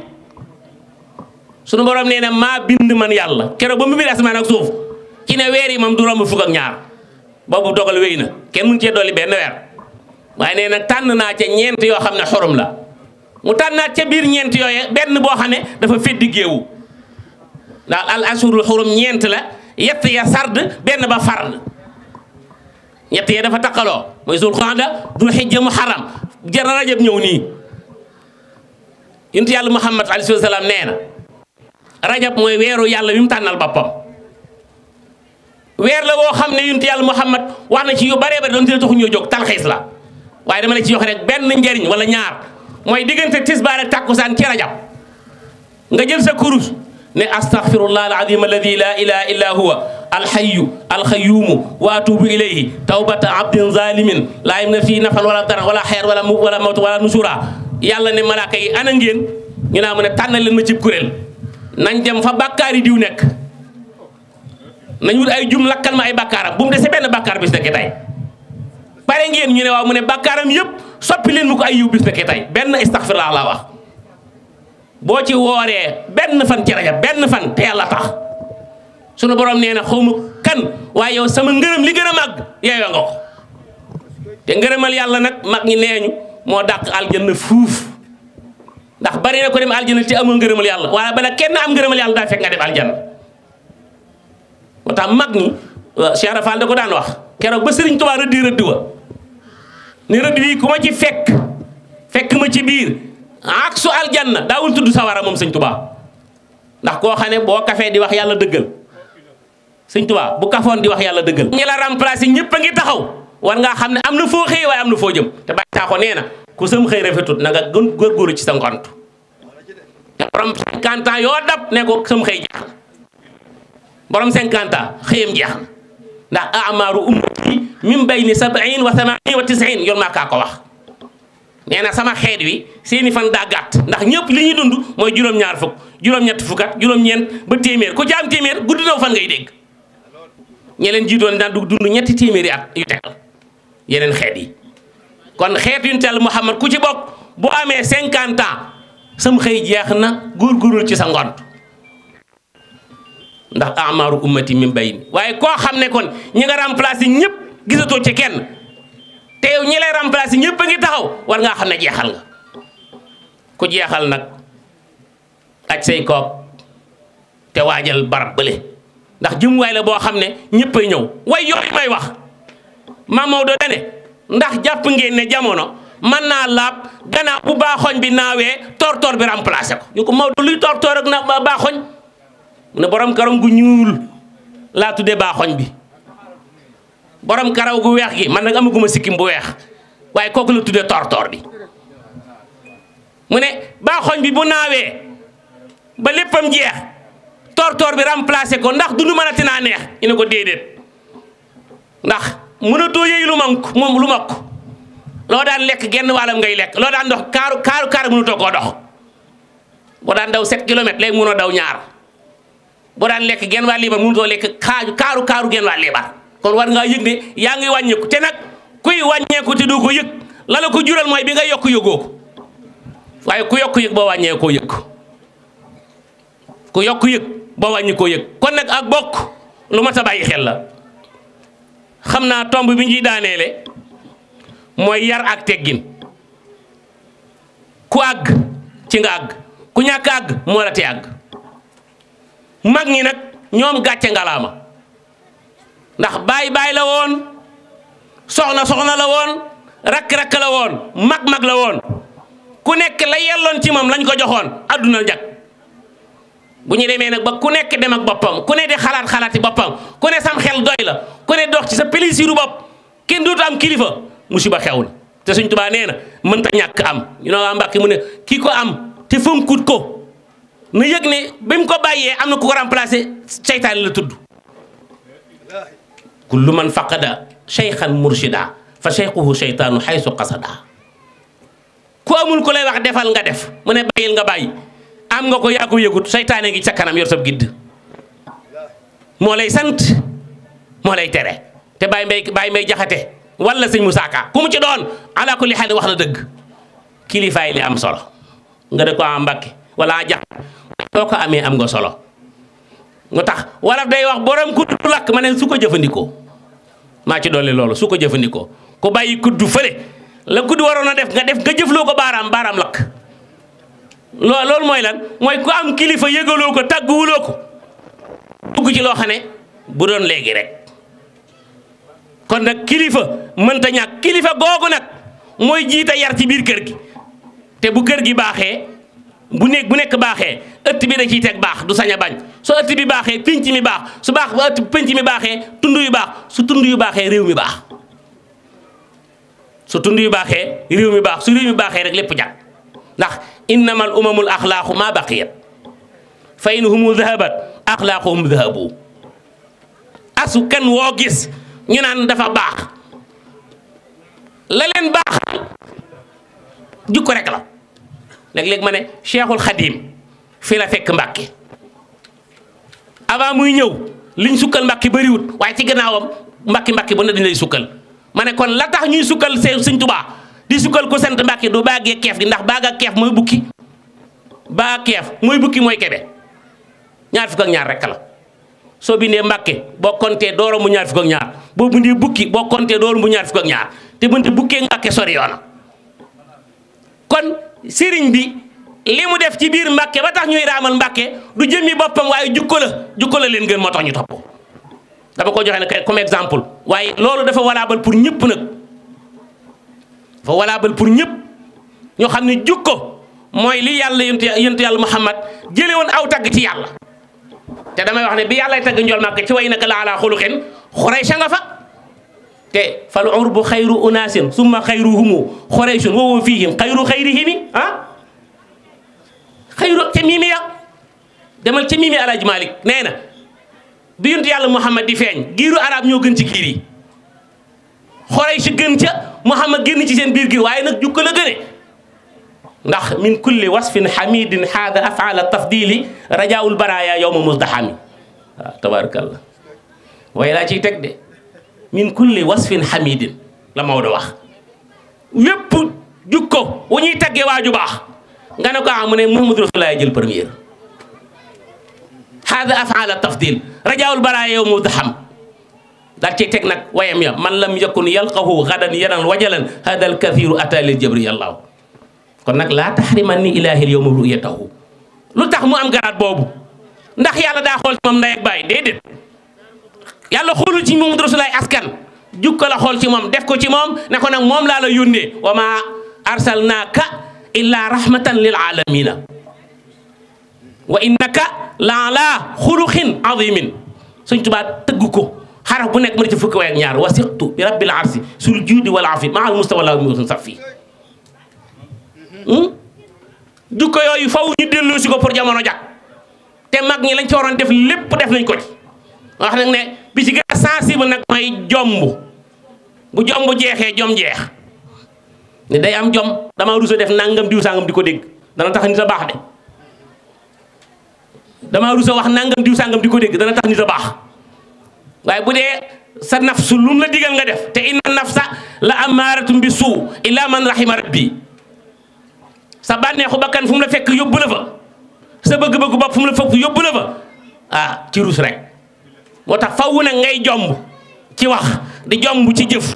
sunu borom nee na maa bind man yàlla keroog ba mu bind asamaan ak suuf ci ne weer yi moom du romb fukk ak ñaar boobu dogal wéy na kenn mun cee dolli benn weer waaye nee na tànn naa ci ñeent yoo xam ne xorom la mu tànn naa ca biir ñeent yooye benn boo xam ne dafa feddi géewu ndax al asurul xurum ñeent la yett ya sard benn ba fard ñett ya dafa taqaloo mooy zul xanda dul xijja mu xaram jar rajab ñëw nii yonent yàlla muhammad alayhi salaam nee na rajab mooy weeru yàlla wi mu tànnal boppam la woo xam ne yunti yàlla muhammad wax na ci yu baree bari doon dina taxu ñoo jóg talxiis la waaye dama la ci joxe rek benn njariñ wala ñaar mooy diggante tisbaar ak tàkkusaan ci rajab nga jël sa kurus ne astaghfirullah aladim alladi la ilaha illa huwa alxayu alxayumu wa atubu ilayhi tawbata abdin zalimin laa yam na fii nafan wala dara wala xeer wala wala mawt wala nusura yàlla ne malaaka yi ana ngeen ñu naa ah, mu ne tànnal leen ma cib nañ dem fa bàkkaari diw nekk nañ wut ay jum lakkal ma ay bàkkaaram bu mu dese benn bàkkaar bis nekkee tey pare ngeen ñu ne waaw mu ne bàkkaaram yëpp soppi leen mu ay yiw bis nekkee tey wax ci fan ci fan tax borom kan waaye yow sama ngërëm li gën a màgg nga ko te mag ñi neeñu moo dàq aljanna fuf ndax bari na ko dem aljana te amul ngërëmal yàlla waaye bala kenn am ngërëmal yàlla daa fekk nga dem aljana moo mag ni Cheikh Ibra da ko dan wax keroog ba Serigne Touba rëddi rëdd wa ni rëdd wi ku ma ci fek fekk ma ci biir ak su aljanna daawul tudd sawara moom Serigne Touba ndax koo xam ne boo di wax yàlla dëggal Serigne Touba bu di wax yàlla dëggal ñi la remplacer ñëpp a taxaw war jëm te ku sam xëy rafetut na nga gën góorgóorlu ci sa kanta borom 50 ans yoo dab ne ko sam xëy jeex borom 50 ans xëyam jeex ndax a'maru ummati min bayni sabain wa samain wa ko wax sama xeet wi seeni fan daa gàtt ndax ñëpp li ñuy dund mooy juróom-ñaar fukk juróom-ñett fukkat juróom-ñeent ba téeméer ku ci am téeméer guddi fan ngay dégg ñe leen jiitoon dund ñetti téeméeri at yu tegal yeneen xeet kon xeet yu ñu teel Muhammad ku ci bokk bu amee cinquante ans sam xëy jeex na góorgóorlu ci sa ngont ndax amaaru ummati min bayni waaye koo xam ne kon ñi nga remplacé ñëpp gisatoo ci kenn te ñi lay remplacé ñëpp a ngi taxaw war ngaa xam ne jeexal nga ku jeexal nag aj say kook te waajal barab bële ndax jëmuwaay la boo xam ne ñëpp ay ñëw way yooyu may wax Maam Maodo dane ndax jàpp ngeen ne jamono man naa laab gannaaw bu baaxoñ bi naawee tortoor bi remplacé ko ñu ko Maodo luy tortoor ak na baaxoñ ne borom karam gu ñuul laa tuddee baaxoñ bi borom karaw gu weex gi man nag amaguma sikkim bu weex waaye kooku la tuddee tortoor bi Mune ne baaxoñ bi bu naawee ba léppam jeex tortoor bi remplacé ko ndax dundu mën a neex ñu ko déedéet ndax mënatoo yëy lu manku moom lu makku loo daan lekk genn wàllam ngay lekk loo daan dox kaaru kaaru kaar too koo dox boo daan daw 7 kilomètres léegi mënoo daw ñaar boo daan lekk genn wàll liibar mënatoo lekk kaaju kaaru kaaru genn wàll liibar kon war ngaa yëg ne yaa ngi wàññeeku te nag kuy wàññeeku te du ko yëg la ko jural mooy bi nga yokk yëgoo ko waaye ku yokk yëg boo wàññee koo yëg yokk yëg boo wàññi yëg kon nag ak bokk lu mat a bàyyi xel la xam naa tomb bi ñuy daaneele mooy yar ak teggin ku àgg ci nga àgg ku ñàkk àgg moo la te àgg mag ñi nag ñoom gàcce ngalaama ndax baay baay la woon soxna soxna la woon rakk-rakk la woon mag-mag la woon ku nekk la yelloon ci moom lañ ko joxoon adduna njag bu ñu demee nag ba ku nekk dem ak boppam ku ne di xalaat xalaati boppam ku ne sam xel doy la ku ne dox ci sa plaisiru bopp kenn dootu am kilifa musiba xew xewul te Sëñ Tuubaa nee na mënta ñàkk am ñu ne mu ne kii ko am te fonkut ko na yëg ne bi ko bàyyee am na ku ko remplacé seytaane la tudd kullu man faqada cheykhan murshida fa cheykhuhu cheytaanu xaysu qasada ku amul ku lay wax defal nga def mu ne bàyyil nga bàyyi am nga ko yaa ko yëgut ngi gi ca kanam yor sab gidd moo lay sant moo lay tere te bàyyi mbay bàyyi jaxate wala sëñ Moussa Ka ku mu ci doon ala li xaal wax na dëgg kilifaay li am solo nga ne ko am mbàkki wala jax soo ko amee am nga solo nga tax walla day wax borom ku du lakk ma ne su ko jëfandikoo maa ci dolli loolu su ko jëfandikoo ku bàyyi kuddu fële la kuddu waroon a def nga def nga jëfloo ko baaraam baaraam lakk loolu mooy lan mooy ku am kilifa yëgaloo ko tàgguwuloo ko dugg ci loo xam ne bu doon léegi rek. kon nag kilifa mënta ñàkk kilifa googu nag mooy jiite yar ci biir kër gi te bu kër gi baaxee bu nekk bu nekk baaxee ëtt bi da ciy teg du bañ ëtt bi mi baax su baax ba ëtt mi baaxee tundu yu baax su tund yu baaxee réew mi baax su tundu yu baaxee réew mi baax su réew mi baaxee rek lépp jàpp ndax innamal umamul axlaaqu maa baqiyat fa in humu dahabat axlaaquhum asu kan gis ñu naan dafa baax la leen baaxal jukko rek la léeg-léeg ma ne Cheikhul Khadim fii la fekk Mbàkke avant muy ñëw liñ sukkal Mbàkke bëriwut waaye ci gannaawam Mbàkke Mbàkke bu ne dañ lay sukkal ma ne kon la tax ñuy sukkal Sëñ tubaa di sukkal ko sant Mbàkke du baagee keef gi ndax baaga keef mooy bukki baa keef mooy bukki mooy kebe ñaar fukk ak ñaar rek la. soo bindee mbàkke boo comptee dooro mu ñaar fukk ak ñaar boo bu bindee bukki boo comptee dooro mu ñaar fukk ak ñaar te bunte bukkee mbàkke sori yoona kon sëriñ bi li mu def ci biir mbàkke ba tax ñuy raamal mbàkke du jëmmi boppam waaye jukko la jukko la leen ngeen moo tax ñu topp dama ko joxe nag comme exemple waaye loolu dafa walaabal pour ñëpp nag dafa walaabal pour ñëpp ñoo xam ne jukko mooy li yàlla yontu yàlla Muhammad jële woon aw tagg ci yàlla te damay wax ne bi yalla tagg njool màkk ci wayna kala ala xuluqin xuraysa nga fa te fal urbu xayru unasin summa xayruhumu xuraysun wa huwa fihim xayru xayrihimi ha xayru ca miimi ya demal ci mimi alaaj Malik nee na bi yonent yàlla Muhammad di feñ giiru arab ñoo gën ci giir yi gën ci Muhammad gën ci seen biir giir waye nak jukku la gëne ndax min kulli wasfin hamidin haada afala tafdili rajaul baraya yowma muzdahami waaw tabarakallah waaye laa ciy teg de min kulli wasfin hamidin la Maodo wax wépp jukko wu ñuy taggee waaju baax nga ne ko ah mu ne Muhammadu Rasulullah jël première haada afala tafdil rajaul baraya yowma muzdaham daal ciy teg nag wayam ya man lam yakun yalqahu gadan yanan wajalan hada alkathiru ata lil jabri yàllaahu kon nak la tahrimani ilahi ilaahil yow ru'yatahu lutax mu am garat bobu ndax yàlla da xol mom nday ak bay dedet yàlla xoolul ci mom rasulaay askan jukka la xool ci mom def ko ci mom ne ko nak mom la la yónnee wama arsalnaka illa rahmatan lil alamin wa innaka la la khuluqin azimin suñ tuba tëgg ko xaraf bu nek ma ci fukki way ak ñaar wasiqtu bi rabbil arsi sul judi wal afi ma al mustawa la musun safi Hmm? jukko yooyu faw ñu dellu si ko pour jamono jag te mag ñi lañ ci waroon def lépp def nañ ko ci wax nag ne bi ci gën a sensible nag mooy jomb bu jomb jeexee jom jeex ne day am jom dama rusa def nangam diw sangam di ko dégg dana tax nit a baax de dama rusa wax nangam diw sangam di ko dégg dana tax nit a baax waaye bu dee sa nafsu lu mu la digal nga def te in inna sa la amaratum bi suu illa man rahima bii sa bànneexu bakkan fu mu la fekk yóbbu la fa sa bëgg-bëggu bopp fu mu la fekk yóbbu la fa ah ci rus rek moo tax faw nag ngay jomb ci wax di jomb ci jëf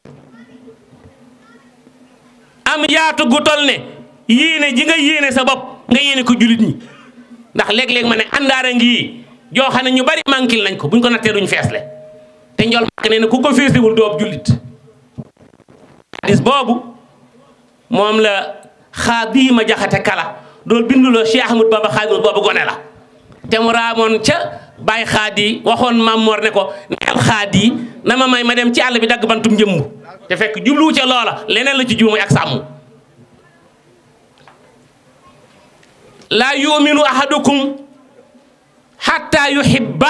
am yaatu gu tol ne yéene ji nga yéene sa bopp nga yéene ko julit ñi ndax léeg-léeg ma ne àndaara ngi joo xam ne ñu bari manquil nañ ko buñ ko na nattee duñ feesle te njol màkk nee na ku ko feesliwul doob jullit hadis boobu moom la xaadiima jaxate kala dool binduloo Cheikh Ahmadou Bamba xaadimu boobu gone la te mu raamoon ca bay xaadi waxoon maam Mor ne ko neel xaadi na ma may ma dem ci àll bi dagg bantum njëmb te fekk jubluwu ca loola leneen la ci juumay ak sàmm laa yu'minu ahadukum hatta yuhibba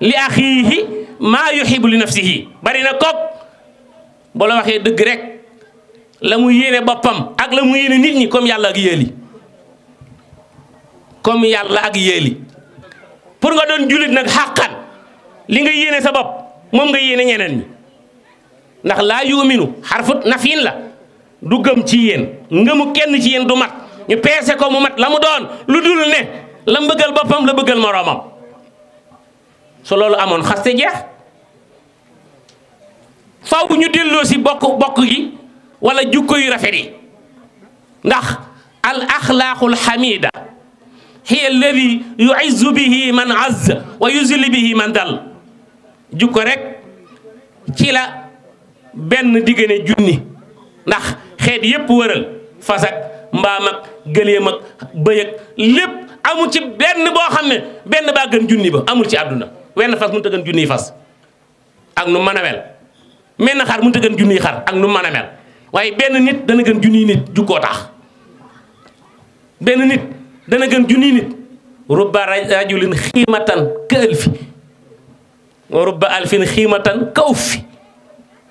li axiihi maa yuhibbu li nafsihi bari na kook boo la waxee dëgg rek lamu mu yéene boppam ak la mu komi nit ñi comme yàlla ak yéeli comme yàlla ak yéeli pour nga doon jullit nag xàqan li nga yéene sa bopp moom nga yéene ñeneen ñi ndax laa yuuminu xarfut nafiin la du gëm ci yéen ngëmu kenn ci yéen du mat ñu peese ko mu mat la mu lu dul ne la mbëggal boppam la bëggal moroomam su loolu amoon xaste jeex ñu si bokk bokk gi ولا جوكوي رفري نخ الاخلاق الحميده هي الذي يعز به من عز ويذل به من ذل جوكو رك تي لا بن ديغني جوني نخ خيت ييب ورال فاسك مبامك غليمك بيك ليب امو تي بن بو خامني بن با گن جوني با امول تي ادونا وين فاس مونتا گن جوني فاس اك نو مانامل مين خار مونتا گن جوني خار اك نو مانامل waaye benn nit dana gën junni nit jukkoo tax benn nit dana gën junniy nit rubba rajulin xiimatan ka alfi wa rubba alfin xiimatan ka uffi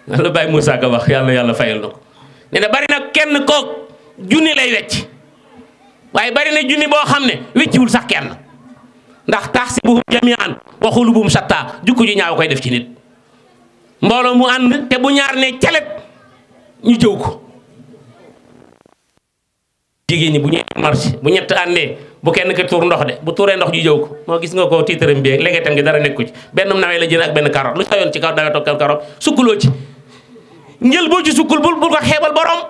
la bàyyi Moussa Ka wax yàlla bari na kenn kook junni lay wecc waaye bari na junni boo xam ne wecciwul sax kenn ndax tahsibuhum jami'an wa qulubuhum shatta jukko ju ñaaw koy def ci nit mbooloo mu ànd te bu ñaar ne calet ñu jëw ko jigéen ñi bu ñuy marché bu ñett àndee bu kenn ki tuur ndox de bu tuuree ndox ju jëw ko moo gis nga ko tiitaram bi legetam gi dara nekku ci benn nawee la jën ak benn karoot lu sa yoon ci kaw nawee toog karoot sukkuloo ci njël boo ci sukkul bul bul ko xeebal borom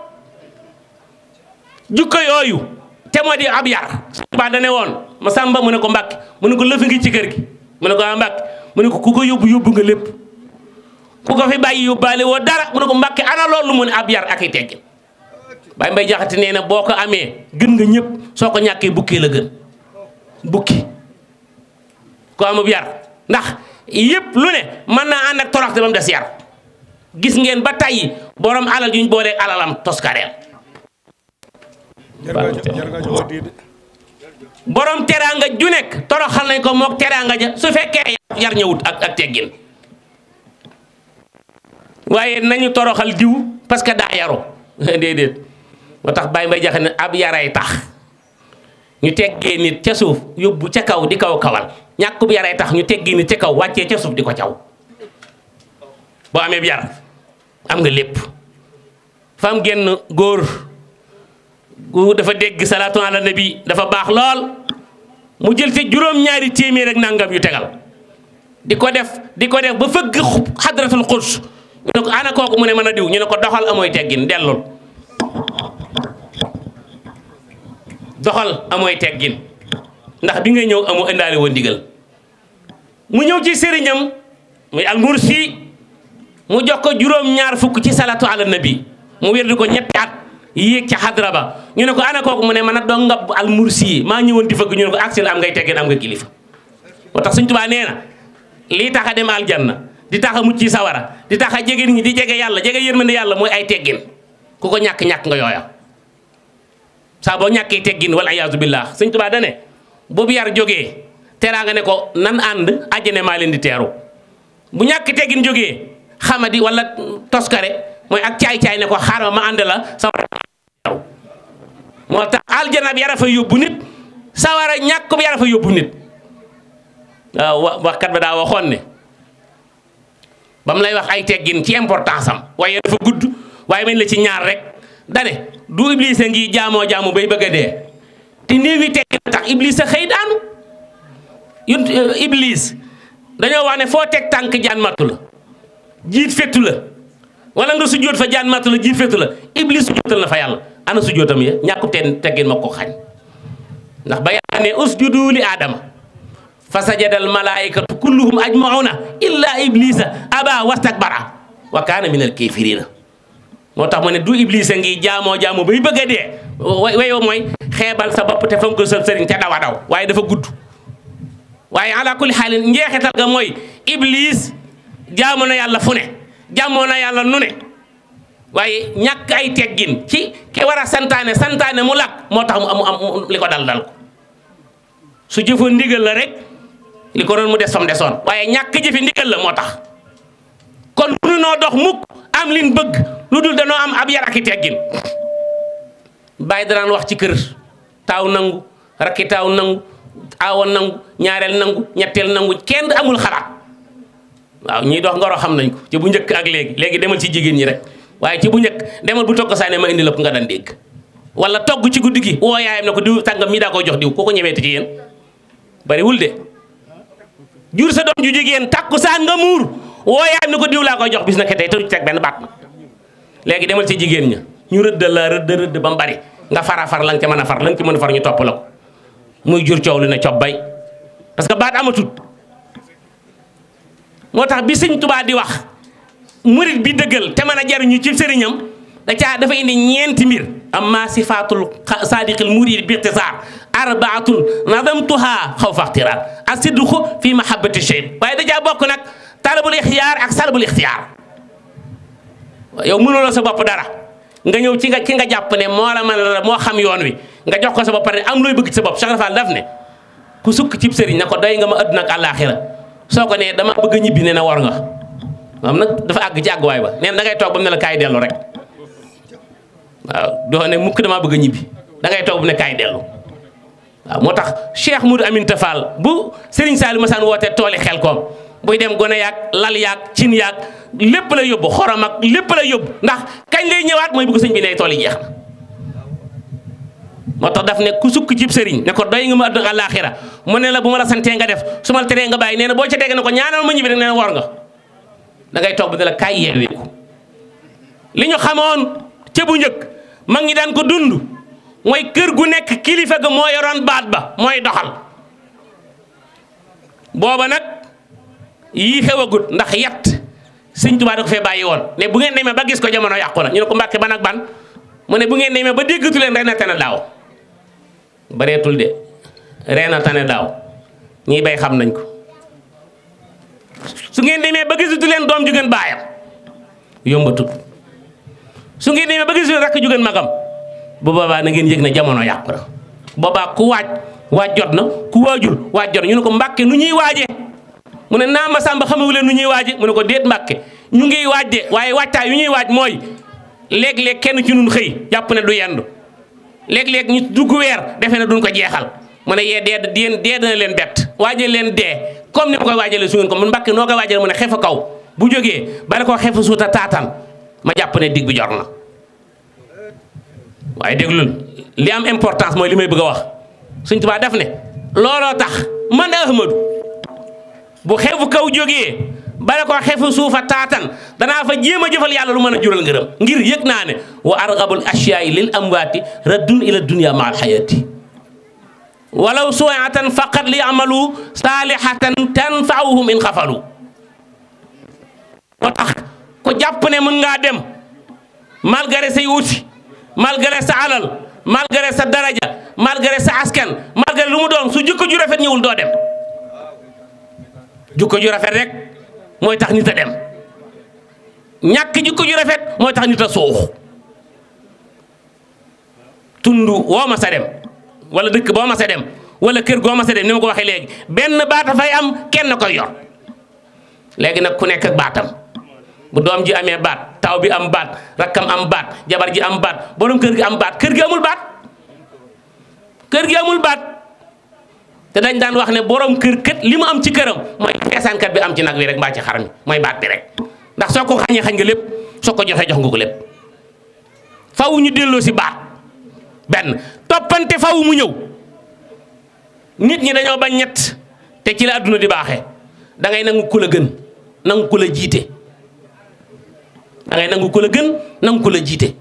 jukko yooyu te moo di ab yar subaa woon ma sàmba mu ne ko mbàkk mu ne ko lëfi ngi ci kër gi mu ne ko a ah, mbàkk mu ne ko ku ko yóbbu yóbbu nga lépp ku ko fi bàyyi yóbbaale woo dara mu ne ko mbàkke ana loolu mu ne ab yar ak i teggin Baye Mbaye Jaxate nee na boo ko amee gën nga ñëpp soo ko ñàkkee bukkee la gën bukki ku amub yar ndax yëpp lu ne mën naa ànd ak toroxte ba mu yar gis ngeen ba tàyyi borom alal yuñ boolee alalam Toskarel. borom teraanga ju nekk toroxal nañ ko mook teraanga ja su fekkee yar ñëwut ak ak teggin waaye nañu toroxal diw parce que daa yaru <laughs> déedéet moo tax bàyyi mbay jaxane ab yaray tax ñu teggee nit ca suuf yóbbu ca kaw di kaw kawal ñàkkub yaray tax ñu teggee nit kau, kaw wàccee ca suuf di ko caw boo amee yar am nga lépp fa am genn góor gu dafa dégg salaatu ala nabi dafa baax Mujil mu jël ca juróom-ñaari téeméer ak nangam yu tegal di ko def di ko def ba fëgg xadratul quds ñu ne ko ana mu ne mën a diw ñu ne ko doxal amooy teggin dellul doxal amooy teggin ndax bi ngay ñëw amoo indaale woon mu ñëw ci sëriñam muy almursi mu jox ko juróom-ñaar fukk ci salatu ala nabi mu wérdi ko ñetti at yéeg ca xadra ñu ne ko ana kooku mu ne man a doon nga almursi maa ñëwoon di fëgg ñu ne ko aksi am ngay teggin am nga kilifa moo tax suñ tubaa nee na lii tax dem aljanna di tax a sawara di tax a jege di jege yàlla jege yërmande yàlla mooy ay teggin ku ko ñàkk ñàkk nga yooya saa boo ñàkkee teggin wala ayaasu billah sëñ tubaa dane boobu yar jógee teraa nga ne ko nan di teru. bu ñàkk teggin jógee xamadi wala toskare mooy ak caay-caay ne ko ma andela la sawara teeru moo tax aljana bi yara fa nit sawara ñàkk bi yara fa yóbbu nit waaw ba ba mu lay wax ay teggin ci importance am waaye dafa gudd waaye mel la ci ñaar rek dane du iblis ngi jaamoo jaamu bay bëgga a dee te néew yi teggin tax iblis a xëy daanu yunt eh, dañoo wax ne foo teg tànk jaan mattu la jiit fettu la wala nga sujjóot fa jaan mattu la jiit fettu la iblis sujjóotal na fa yàlla ana sujjóotam ya ñàkkub teggin ma ko xañ ndax ba yàlla ne usjudu li aadama fa sajada al malaikatu kulluhum ajmauna illa iblisa aba wastakbara wa kaana min al kafirina moo tax mu ne du iblisa ngi jaamoo jaamoo ba bëgg a dee weyoo mooy xeebal sa bopp te fonk sa sëriñ ca dawa daw waaye dafa gudd waaye ala kulli xaalin njeexital ga mooy iblis jaamoo na yàlla fu ne jaamoo na yàlla nu ne waaye ñàkk ay teggin ci ki war a santaane santaane mu làkk moo tax mu am li dal dal ko su jëfoon ndigal la rek li ko doon mu des fendi desoon waaye jëfi ndigal la moo kon munu noo dox mukk am liñ bëgg lu dul am ab yar ak i teggin bàyyi danaan wax ci kër taaw nangu rakki taaw nangu aawa nangu ñaareel nangu nangu kenn amul xalaat waaw ñuy dox ngoro xam nañ ko ci bu njëkk ak léegi léegi demal ci jigéen ñi rek waaye ci bu njëkk demal bu togg saane ma indi lépp nga daan dégg wala togg ci guddi gi yaayam ne diw jox diw de jur sa doom ju jigéen takkusaan nga muur woo yaayam ni ko diw laa koy jox bis na ke tey te teg benn baat ma demal ci jigéen ña ñu rëddal la rëdd rëdd ba bari nga fara far la nga ca mën a far la nga ca mën a far ñu topp la ko muy jur coow lu ne cob bay parce que baat amatut moo bi sëñ Tuubaa di wax murit bi dëggal te mën a jariñu ci sëriñam da caa dafa indi ñeenti mbir أما صفات الصادق المريد باختصار أربعة نظمتها خوف اختيار الصدق في محبة الشيء waaye dajaa bokk nag talabul ixtiyaar ak salbul ixtiyaar yow mënuloo sa bopp dara nga ñëw ci nga ki nga jàpp ne moo la man la moo xam yoon wi nga jox ko sa bopp pare am looy bëgg ci sa bopp Cheikh Rafal daf ne ku sukk cib sëriñ na ko doy nga ma àdduna ak àllaaxira soo dama bëgg ne na war nga dafa ba ne la kaay dellu rek waaw doo ne mukk damaa bëgg a ñibbi da ngay toog bu ne kaay dellu waaw moo tax Cheikh Moudou Aminta Fall bu Serigne Saliou Massane wootee tooli xel koom buy dem gone yaag lal yaag cin yaag lépp la yóbbu xorom ak lépp la yóbbu ndax kañ lay ñëwaat mooy bëgg sëñ bi tool yi jeex na. moo tax daf ne sukk cib sëriñ ne ko doy nga ma àdduna àllaaxira mu ne la bu ma la nga def su ma teree nga bàyyi nee na boo ca dégg ne ko ñaanal ma ñibbi na war nga da ngay toog bu ne la kaay ko li ñu xamoon ca njëkk. mag ñi daan ko dund mooy kër gu nekk kilifa ga moo yoroon baat ba mooy doxal booba nag yii xew agut ndax yat sëñ Tuubaa da ko fee bàyyi woon ne bu ngeen demee ba gis ko jamono yàqu na ñu ne ko mbàkke ban nag ban mu ne bu ngeen demee ba déggatu leen ren a tane daaw bareetul de ren a tane daaw ñii bay xam nañ ko su ngeen demee ba gisatu leen doom ju gën baayam yombatul su ngeen demee ba gis rakk ju ngeen magam bu boobaa na ngeen yëg na jamono yàqu na boobaa ku waaj waaj jot na ku waajul waaj jot na ñu ne ko mbakke nu ñuy waaje mu ne naa ma sàmba xamewu leen nu ñuy waaje mu ne ko déet mbàkke ñu ngiy waaj de waaye waajtaay yu ñuy waaj mooy léeg-léeg kenn ci nun xëy jàpp ne du yendu léeg-léeg ñu dugg weer defe ne duñ ko jeexal mu ne yee dee deen dee dana leen bett waajal leen dee comme ni ma koy waajalee su ngeen ko mu mbàkke noo koy waajale mu ne xefa kaw bu jógee bari ko xefa suuta taatan ma jàpp ne dig bi jor na waaye déglul li am importance mooy li may bëgg a wax Sëñ Tuubaa def ne looloo tax man Ahmadu bu xefu kaw jógee bala ko xefu suufa taatan danaa fa jéem a jëfal yàlla lu mën a jural ngërëm ngir yëg naa ne wa argabul ashyaa'i lil amwaati raddun ila dunya ma alxayaati walaw suwaatan faqat li amalu saalihatan tanfauhum in xafalu moo tax ku jàpp ne mën ngaa dem malgré sa wuti malgré sa alal malgré sa daraja malgré sa askan malgré lu mu doon su jikko ju rafet ñëwul doo dem jikko ju rafet rek mooy tax nit a dem ñàkk jikko ju rafet mooy tax nit a suux tund woo ma dem wala dëkk boo ma dem wala kër goo masa sa dem ni ma ko waxee léegi benn baata fay am kenn koy yor léegi nag ku nekk baatam bu doom ji amee baat taw bi am baat rakkam am baat jabar ji am baat borom kër gi am baat kër gi amul baat kër gi amul baat te dañ daan wax ne boroom kër kët li mu am ci këram mooy peesaankat bi am ci nag wi rek mbaa ci xar mi mooy baat bi rek ndax soo ko xañee xañ nga lépp soo ko joxee jox nga ko lépp faw ñu delloo si baat benn toppante faw mu ñëw nit ñi dañoo bañ ñett te ci la adduna di baaxe dangay ngay nangu ku a gën nangu kul a jiite da ngay nangu ku a gën nangu ku la jiite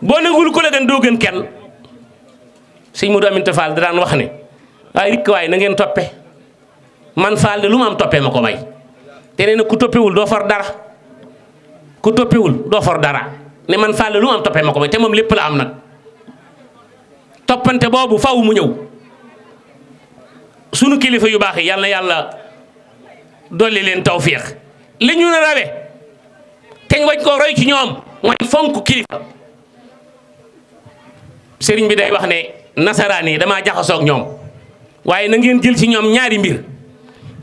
boo nangul ku la gën doo gën kenn sëñ Modou Aminta Fall da daan wax ne waaye rikk waaye na ngeen toppe man Fall lu mu am toppee ma ko may te nee ku toppewul doo for dara ku toppewul doo dara ne man Fall toppee ma ko te moom lépp la am nag toppante boobu faw mu ñëw sunu kilifa yu baax yi yàlla yàlla doole leen tawféex li ñu rawee teñ wañ koo roy ci ñoom mooy fonk kilifa sëriñ bi day wax ne nasaraan yi damaa jaxasoog ñoom waaye na ngeen jël ci ñoom ñaari mbir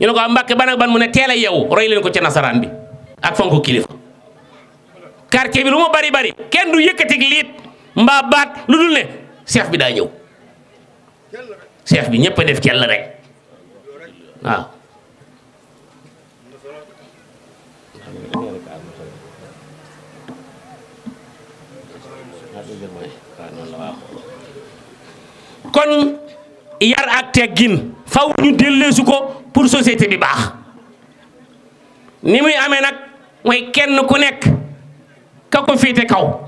ñu ne ko mbàkke ban ak ban mu ne teel a yow roy leen ko ci nasaraan bi ak fonk kilifa quartier bi lu mu bari bari kenn du yëkkatig liit mbaa baat lu dul ne chef bi daa ñëw chef bi ñëpp a def kell rek dëgg mooy waaw kon yar ak teggin faw ñu delleesu ko pour société bi baax ni muy amee nag mooy kenn ku nekk ka ko féete kaw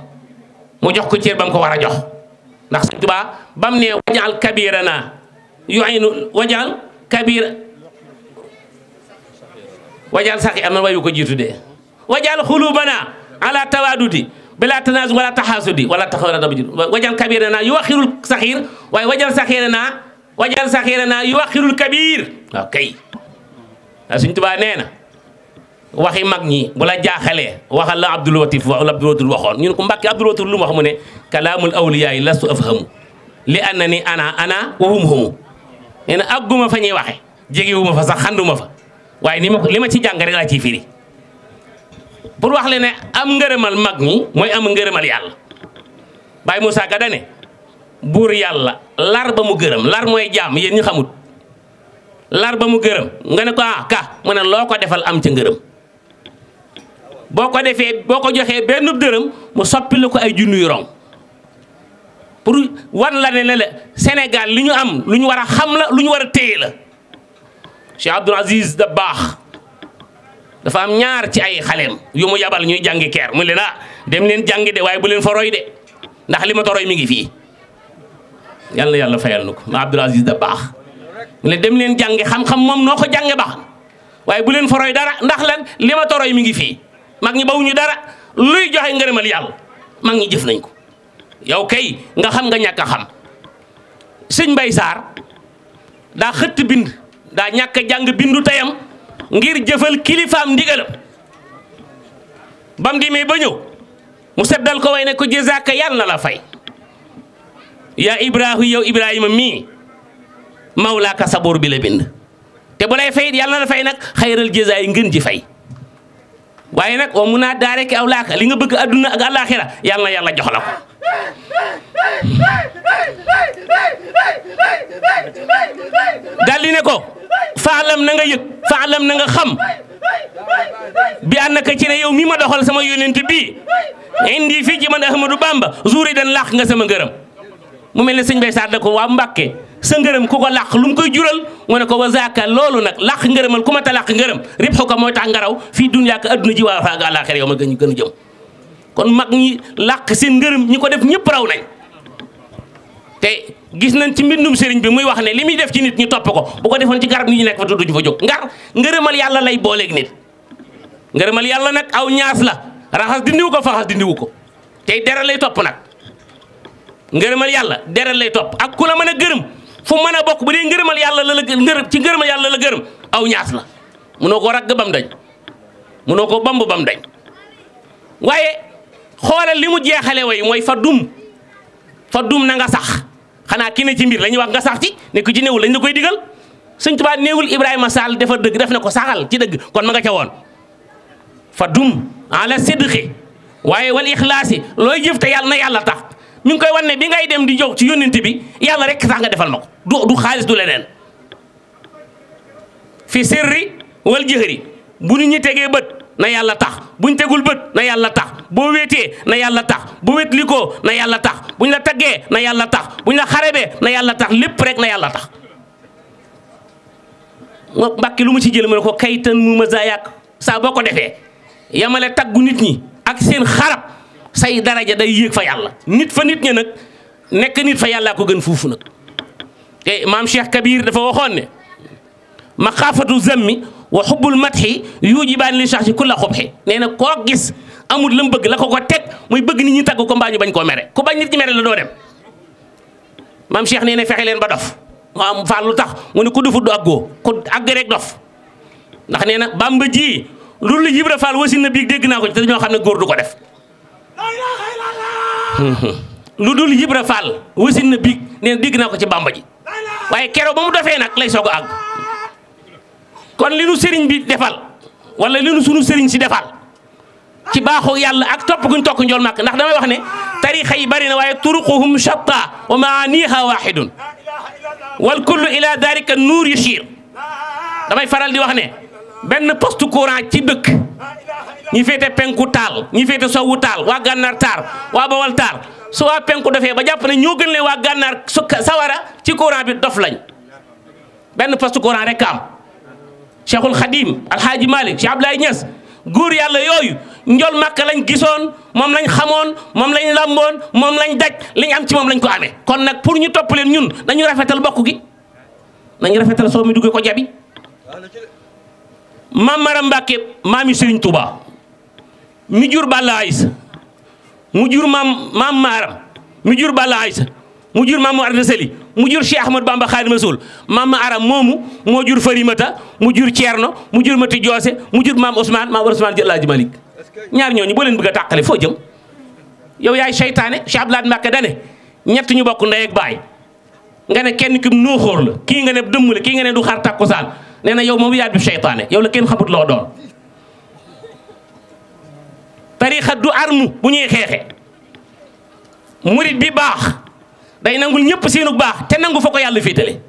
mu jox ko cër ba mu ko war a jox ndax Sëñ Tuubaa ba mu wajaal kabirana yu'inu wajaal kabir wajaal sax am na wayu ko jiitu de wajaal xulubana ala tawaadudi بلا تنازع ولا تحاسد ولا تخاور دبج وجل كبيرنا يؤخر الصغير وجل صغيرنا وجل صغيرنا يؤخر الكبير اوكي سنت با نينا واخي ماغني بلا جاخله وخال عبد اللطيف ولا عبد اللطيف وخون نين كو مباكي عبد اللطيف لوم واخ موني كلام الاولياء لست افهم لانني انا انا وهم هم انا اغوما فاني واخي جيغي وما فا سخاندوما فا واي نيما لما تي جانغ رك لا تي فيري pour wax le ne am ngërëmal mag ñi mooy am ngërëmal yàlla Baye Moussa Ka dane buur yàlla lar ba mu gërëm lar mooy jaam yéen ñu xamut lar ba mu gërëm nga ne ko ah ka mu ne loo ko defal am ca ngërëm boo ko defee boo ko joxee benn dërëm mu soppi la ko ay junniy rong pour wan la ne la Sénégal li ñu am lu ñu war a xam la lu ñu war a téye la Cheikh Abdoul Aziz da baax dafa am ñaar ci ay xaleem yu mu yabal ñuy jàngi keer mu leen ah dem leen jàngi de waaye bu leen foroy de ndax li ma toroy mi ngi fii yal yàlla fayal na ko ma baax mu dem leen jàngi xam-xam noo ko jànge baax waaye bu leen fa dara ndax lan li ma toroy mi ngi fii mag ñi ñu dara luy joxe ngërëmal yàlla mag ñi jëf nañ ko yow kay nga xam nga ñàkk xam sëñ Mbay Saar daa xëtt bind daa ñàkk a jàng bindu tayam ngir jëfal kilifaam ndigalam bam demee ba ñëw mu seddal ko way ne ko jëzaaka yàlla na la fay yaa ibrahu yow ibrahima mii mawlaaka sa boor bi la bind te bu lay fay it yàlla na la fay nag xayral jëzaa yi ngën ji fay waaye nag wa mun naa daareke aw laaka li nga bëgg adduna ak àllaaxira yàlla yàlla jox la ko daldi ne ko faalam na nga yëg faalam na nga xam bi ànd naka ci ne yow mi ma doxal sama yónent bii indi fii ci man Ahmadou Bamba zuuri dan làq nga sama ngërëm mu mel ne sëñ Bay Saar da ko waa Mbàkke sa ngërëm ku ko làq lu mu koy jural mu ne ko wa zaaka loolu nag làq ngërëmal ku ma ta làq ngërëm rib xu ko moo tax ngaraw fii dunyaa ka adduna ji waa faaga àllaaxira yow ma gën gën jëm kon mag ñi làq seen ngërëm ñi ko def ñëpp raw nañ te gis nañ ci mbindum sëriñ bi muy wax ne li muy def ci nit ñu topp ko bu ko defoon ci garab nit ñi nekk fa tudduñu fa jóg ngar ngërëmal yàlla lay booleeg nit ngërëmal yàlla nag aw ñaas la raxas dindiwu ko faxas dindiwu ko tey deret lay topp nag ngërëmal yàlla deral lay topp ak ku la mën a gërëm fu mën a bokk bu dee ngërëmal yàlla la la ngërëm ci ngërëmal yàlla la gërëm aw ñaas la munoo ko ragg bam dañ munoo ko bamb bam dañ waaye xoolal li mu jeexale way mooy fa dum fa dum na nga sax xanaa ki ne ci mbir la ñuy wax nga sax ci nekk ci néewul lañ la koy digal sëñ Tuubaa néewul Ibrahima Sall dafa dëgg def na ko saxal ci dëgg kon ma nga ca woon fa dum ala sidqi waaye wal ixlaasi looy jëf te yàlla na yàlla tax mi ngi koy wan ne bi ngay dem di jox ci yónnent bi yàlla rek sax nga defal ma ko du xaalis du leneen fi sirri wal jëhri bu nit ñi tegee bët na yàlla tax buñ tegul bët na yàlla tax boo wéetee na yàlla tax bu wét li ko na yàlla tax buñ la taggee na yàlla tax buñ la xarebee na yàlla tax lépp rek na yàlla tax mbàkki lu mu ci jël mu ne ko kayitan mu ma zaayaak saa boo ko defee yamale taggu nit ñi ak seen xarab say daraja day yéeg fa yàlla nit fa nit ñi nag nekk nit fa yàllaa ko gën fuufu nag te maam Cheikh Kabir dafa waxoon ne ma xaafatu zammi wa xubbul matxi yuujibaan li sax ci kulla xubxi nee na koo gis amul la mu bëgg la ko ko teg muy bëgg nit ñu tagg ko mbaa bañ koo mere ku bañ nit ñi mere la doo dem maam Cheikh nee na fexe leen ba dof maam Fall lu tax mu ne ku dofut du àggoo ku àgg rek dof ndax nee na ji loolu la Ibra Fall wasin na biig dégg naa ko te dañoo xam ne góor du ko def <laughs> lu dul Ibra Fall wasin na biig nee na naa ko ci Bàmba ji waaye keroog ba mu dofee nag lay soog a kon li nu serigne bi defal wala li nu sunu serigne ci defal ci baxu yàlla ak top guñ tok njool mak ndax dama wax ne tariikha yi bari na waye turuquhum shatta wa maaniha wahidun wal kullu ila dalika nur yashir damay faral di wax ne ben poste courant ci dëkk ñi fété penku tal ñi fété sowwu tal wa gànnaar tar wa bawal tar su wa penku defé ba jàpp ne ñoo gën le wa gànnaar sawara ci courant bi dof lañ ben poste courant rek am cheikhul xadim alhaaji malik cheikh abdoulaye ñas góor yàlla yooyu njol màkka lañ gisoon moom lañ xamoon moom lañ làmboon moom lañ daj liñ am ci moom lañ ko amee kon nag pour ñu topp leen ñun dañu rafetal bokk gi nañu rafetal soo mi duggee ko jabi maam Maram maam maami Sëriñ tuba mi jur Balla Aysa mu jur maam maam Maram mi jur Balla Aysa mu jur maam mu arda seli mu jur Cheikh Ahmad Bamba Xaadimu Rasuul maam ma aram moomu moo jur Farimata mu jur Ceerno mu jur Mati Joose mu jur maam Ousmane maam Ousmane jël Alaaji Malik ñaar ñooñu boo leen bëgg a tàqale foo jëm yow yaay seytaane Cheikh Abdoulaye Mbacké dane ñu bokk ndey ak baay nga ne kenn ki nooxóor la kii nga ne dëmm la kii nga ne du xar tàkkusaan nee na yow moom yaay bi seytaane yow la kenn xamut loo doon tariixa du armu bu ñuy xeexe murit bi baax day nangul ñëpp seenu baax te nangu fa ko yàlla féetale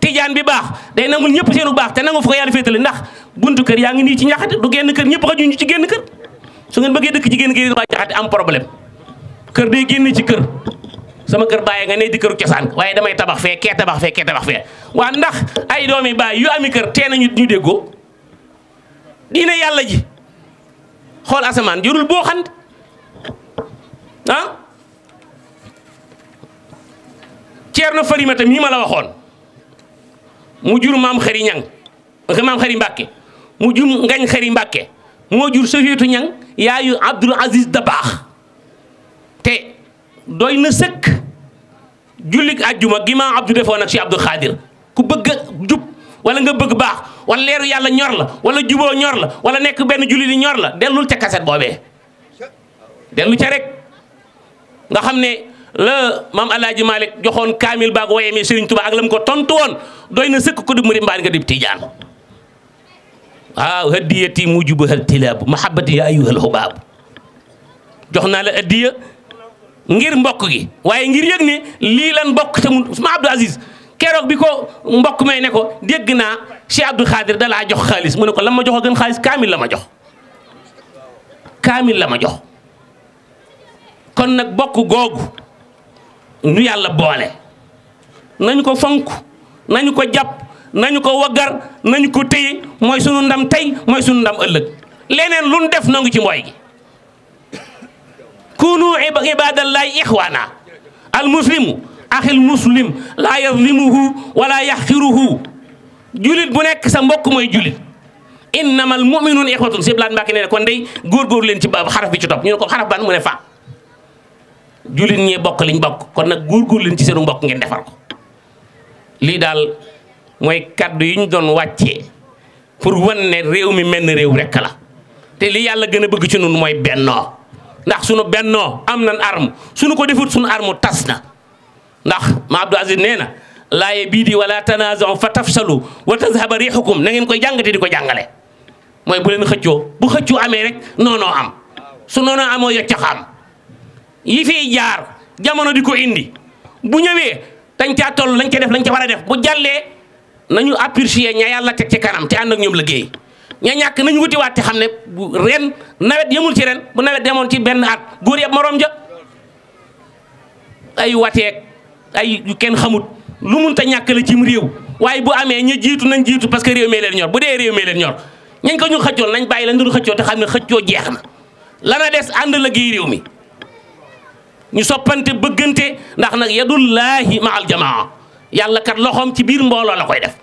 tijaan bi baax day nangu ñëpp seenu baax te nangu fa ko yàlla féetale ndax buntu kër yaa ngi nii ci ñaxate du genn kër ñëpp xajuñu ci genn kër su ngeen bëggee dëkk ci génn kër waa ñaxate am problème kër day génn ci kër kër bàyyi nga ne di këru cosaan waaye damay tabax fee kee tabax fee kee tabax waa ndax ay doomi baay yu ami kër tee nañu ñu déggoo diine yàlla ji xool asamaan jërul boo xant ah? Ceerno Farimata mii ma la waxoon mu jur maam xëri ñang maam xëri Mbàkke mu jur ngañ xëri Mbàkke moo jur ñang yaayu Abdul Aziz Dabah, te doy na julik jullik gima Abdul maam Abdou defoon ak si Abdou Xaadir ku bëgg jub wala nga bëgg baax wala leeru yàlla ñor la wala juboo ñor la wala nekk benn julli di ñor la dellul ca kaset boobee rek nga ne la maam Alaaji Malick joxoon kaamil baag woyemee Serigne Touba ak la mu ko tontu woon doy na sëkk ko di murid mbaa nga dib tijaan waaw hadiyati mujubu hal tilaabu mahabbati ya ayyuhal hubaabu jox naa la addiya ngir mbokk gi waaye ngir yëg ne lii lan mbokk te ma Abdou Aziz keroog bi ko mbokk may ne ko dégg naa Cheikh Abdou Khadir da jox xaalis mu ne ko la ma jox a gën xaalis kaamil la ma jox kaamil kon nag bokk googu nu yàlla boole nañu ko fonk nañu ko jàpp nañu ko waggar nañu ko téye mooy sunu ndam tey mooy sunu ndam ëllëg leneen lu def nangu ci mbooy gi kunu ibadallahi ixwana al muslimu axil muslim laa yazlimuhu wala yaxqiruhu julit bu nekk sa mbokk mooy julit innamal muminuun ixwatun siblaan mbàkke nee ne kon day góorgóor leen ci ba xaraf bi ci topp ñu ne ko xaraf ban mu ne fa jullit ñee bokk liñ bokk kon nag góorgóor leen ci seenu mbokk ngeen defar ko lii daal mooy kàddu yi ñu doon wàcce pour wan ne réew mi mel ni réew rekk la te li yàlla gën a bëgg ci nun mooy bennoo ndax sunu bennoo am nañ arme sunu ko defut sunu tas na ndax ma Abdou nee na laaye bii di wala tanaza'u fa tafsalu wa tazhaba rihukum na ngeen koy jàngate di ko jàngale mooy bu leen xëccoo bu amee rek noonoo am su noonoo amoo yoccax am yi jamanu jaar jamono di indi bu ñëwee dañ caa toll lañ ca def lañ ca war a def bu jàllee nañu apprécier ña yàlla teg ci kanam te ànd ak ñoom liggéey ña ñàkk nañu wutiwaat te xam ren nawet yemul ci ren bu nawet demoon ci benn at góor yëpp morom ja ay wateeg ay yu kenn xamut lu munta ñàkk la cim réew waaye bu amee ñu jitu nañ jitu parce que réew mee leen ñor bu dee réew mee leen ñor ñañ ko ñu xëccoon nañ bàyyi xëccoo te xëccoo lana des ànd liggéey mi ñu soppante bëggante ndax nag yadullaahi ma aljamaa yàlla kat loxoom ci biir mbooloo la koy def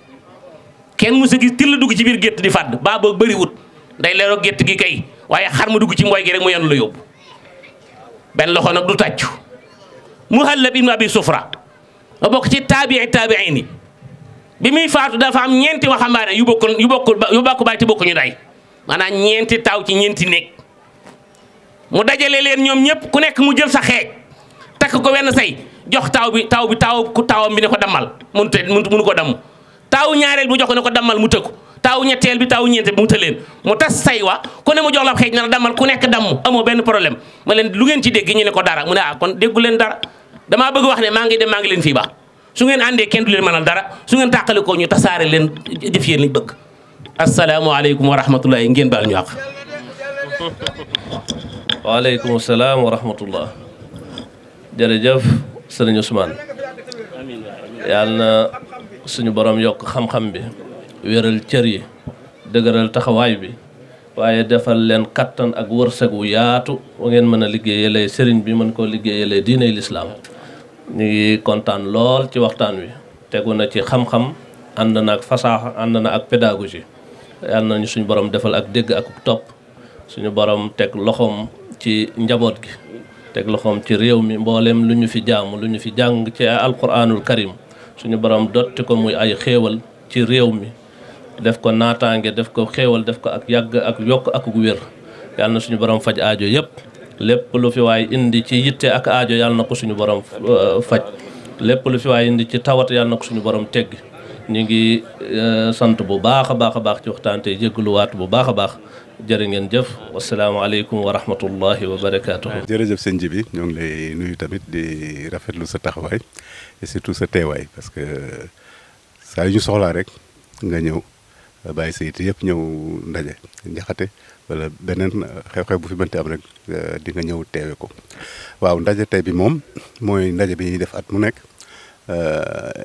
kenn musa gis til dugg ci biir gétt di fàdd baa boog bëriwut day leeroo gétt gi kay waaye xar mu dugg ci mbooy gi rek mu yenu la yóbbu benn loxo nag du tàccu muhallab ibnu abi sufra ba bokk ci taabii taabiin yi bi muy faatu dafa am ñeenti waxambaane yu bokk yu bokkul yu bàkku baay te bokkuñu day maanaam ñeenti taw ci ñeenti néeg mu dajale leen ñoom ñëpp ku nekk mu jël sa xeej takk ko wenn say jox taaw bi taw bi taaw ku taawam bi ne ko dammal mënut a mënu ko damm taaw ñaareel bu jox ne ko dammal mu tëkku taaw ñetteel bi taw ñeente bi mu mu tas say wa ku ne mu jox la xeej na la ku nekk damm amoo benn problème ma leen lu ngeen ci dégg ñu ne ko dara mu ne ah kon déggu leen dara damaa bëgg wax ne maa ngi dem maa ngi leen fii ba su ngeen àndee kenn du leen mënal dara su ngeen tàqale ñu tasaare leen jëf yéen liñ bëgg asalaamaaleykum wa rahmatullahi ngeen baal ñu àq waaleykum salaam wa rahmatullah jërëjëf sëriñ Ousmane yàlla na suñu borom yokk xam-xam bi wéral cër yi dëgëral taxawaay bi waaye defal leen kattan ak wërsëg wu yaatu wa ngeen mën a liggéeyalee sëriñ bi mën koo liggéeyalee diiney lislaam ñu kontaan lool ci waxtaan wi tegu na ci xam-xam ànd na ak fasaaxa ànd na ak pédagogie yàlla nañu suñu borom defal ak dégg ak topp suñu borom teg loxoom ci njaboot gi teg loxoom ci réew mi mbooleem lu ñu fi jàmm lu ñu fi jàng ci alquranul karim suñu borom dotti ko muy ay xéewal ci réew mi def ko naataange def ko xéewal def ko ak yàgg ak yokk ak wér yàlla na suñu borom faj aajo yépp lépp lu fi waay indi ci yitte ak aajo yàlla na ko suñu borom euh, faj lépp lu fi waay indi ci tawat yàlla na ko suñu borom teggi ñu ngi euh, sant bu baax a baax a baax ci waxtaan te jéggaluwaat bu baax a baax jërë ngeen jëf wasalaamaaleykum wa rahmatullahi wa barakaatu. jërëjëf sëñ ji bi ñoo ngi lay nuyu tamit di rafetlu sa taxawaay et surtout sa teewaay parce que saa yu ñu soxlaa rek nga ñëw bàyyi sa yitte yëpp ñëw ndaje njaxate wala beneen xew-xew bu fi mënti am rek di nga ñëw teewe ko waaw ndaje tey bi moom mooy ndaje bi ñuy def at mu nekk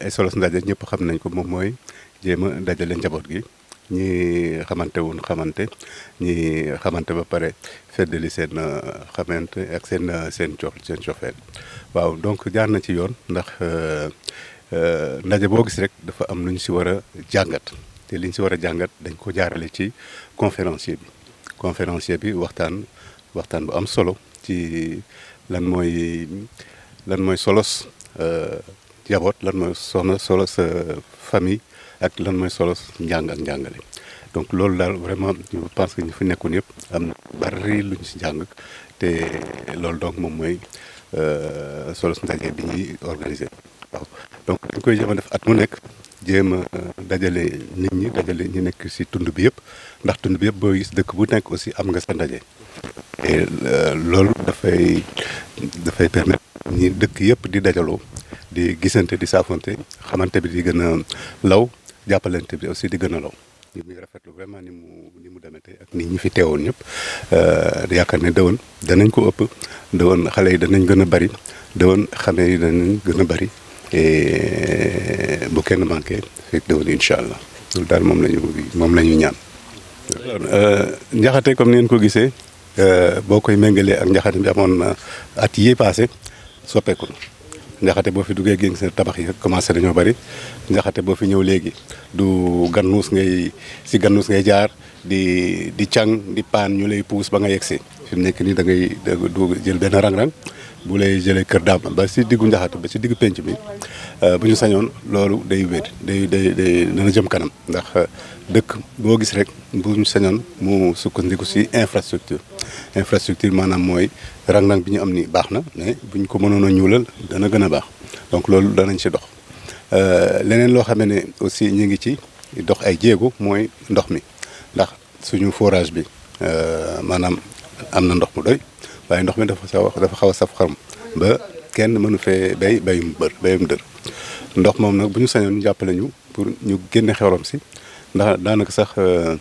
et solos ndaje ñëpp xam nañ ko moom mooy jéem a dajale njaboot gi. ñi xamante woon xamante ñi xamante ba pare feddali seen euh, xamante ak seen euh, seen cox seen cofeel waaw donc jaar na ci yoon ndax euh, ndaje boo gis rek dafa am lu ñu si war a jàngat te li ñu si war a jàngat dañ ko jaarale ci conférencier bi conférencier bi waxtaan waxtaan bu am solo ci lan mooy lan mooy solos jaboot lan mooy soxna solos famille ak lan mooy solo njàng ak njàngale donc loolu daal vraiment je pense que ñu fi nekkoon yëpp am bari lu ñu si jàng te loolu donc moom mooy euh, solo ndaje bi ñuy organiser waaw donc dañ koy jéem def at mu nekk jéem a euh, dajale nit ñi dajale ñi nekk si tund bi yëpp ndax tund bi yëpp boo gis dëkk bu nekk aussi am nga sa ndaje te euh, loolu dafay dafay permettre ñi dëkk yëpp di dajaloo di gisante di saafonte xamante bi di gën a law jàppalante bi aussi di gën a law ñu ngi rafetlu vraiment ni mu ni mu demee tey ak nit ñi fi teewoon ñëpp euh, yaakaar ne dëwoon danañ ko ëpp dëwoon xale yi danañ gën a bari dëwoon xale yi danañ gën a bari bu kenn manqué fekk dëwoon incha allah loolu daal moom la ñu moom la ñu ñaan. Euh, njaxate comme ni ngeen ko gisee euh, boo koy méngalee ak njaxate bi amoon at yii passé soppeeku na. njaxate boo fi duggee génn seen tabax yi commencé nañoo bari njaxate boo fi ñëw léegi du gannuus ngay si gannus ngay jaar di di càng di paan ñu lay puus ba nga yegg si fi nekk nii da ngay du jël benn ran ran bu lay jëlee kër daam ba si diggu njaxatu ba si diggu penc bi euh, bu ñu sañoon loolu day wéet day day day dana jëm kanam ndax euh, dëkk boo gis rek bu ñu sañoon mu sukkandiku si infrastructure infrastructure maanaam mooy rang-rang bi ñu am ni baax na mais bu ñu ko mënoon a ñuulal dana gën a baax donc loolu danañ si dox euh, leneen loo xam ne aussi ñu ngi ci dox ay jéego mooy ndox mi ndax suñu forage bi maanaam am na ndox mu doy waaye ndox mi dafa xaw dafa xaw a saf xaram ba kenn mënu fee bay bayum bër bayum dër ndox moom nag bu ñu sañoon jàppale ñu pour ñu génn xewlam si ndax daanaka sax euh,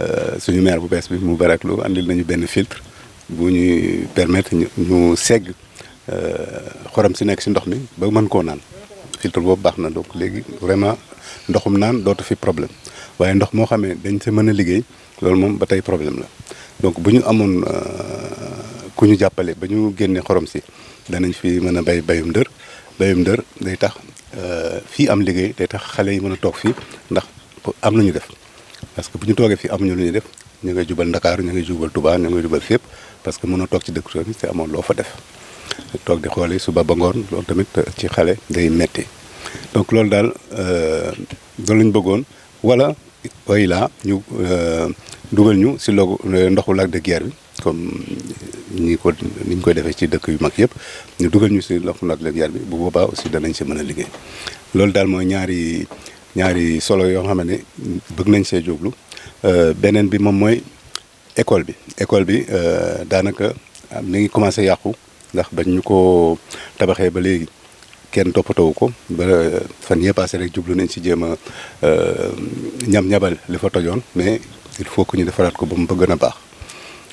euh, suñu maire bu bees bi mu barak lu andil nañu benn filtre bu ñuy permettre ñu ñu segg euh, xorom si nekk si ndox mi ba mën koo naan filtre boobu baax na donc léegi vraiment ndoxum naan dootu fi problème waaye ndox moo xamee dañ sa mën a liggéey loolu moom ba tey problème la donc bu ñu amoon ku ñu jàppale ba ñu génne xorom si danañ fi mën a bay bayum ndër bayum ndër day tax euh, fii am liggéey day tax xale yi mën a toog fii ndax am nañu def parce que bu ñu toogee fii amuñu lu ñuy def ñu ngay jubal Ndakaaru ñu ngay jubal Touba ñu ngay jubal fépp parce que mën a toog ci dëkk bi te amoon loo fa def toog di xool yi suba ba ngoon loolu tamit ci xale day metti donc loolu daal euh, loolu lañ bëggoon wala oy laa ñu euh, dugal ñu si loogu ndoxu lac de bi comme ñi ko ni ñu koy defee ci dëkk yu mag yëpp ñu dugal ñu si loxo nag leen yar bi bu boobaa aussi danañ si mën a liggéey loolu daal mooy ñaari ñaari solo yoo xam ne bëgg nañ see jóglu euh, beneen bi moom mooy école bi école bi euh, daanaka mi ngi commencé yàqu ndax bañ ko tabaxee ba léegi kenn toppatoo ko ba euh, fan yee passé rek jublu nañ si jéem a ñam ñabal li fa tojoon mais il faut que ñu defaraat ko ba mu bëgg a baax.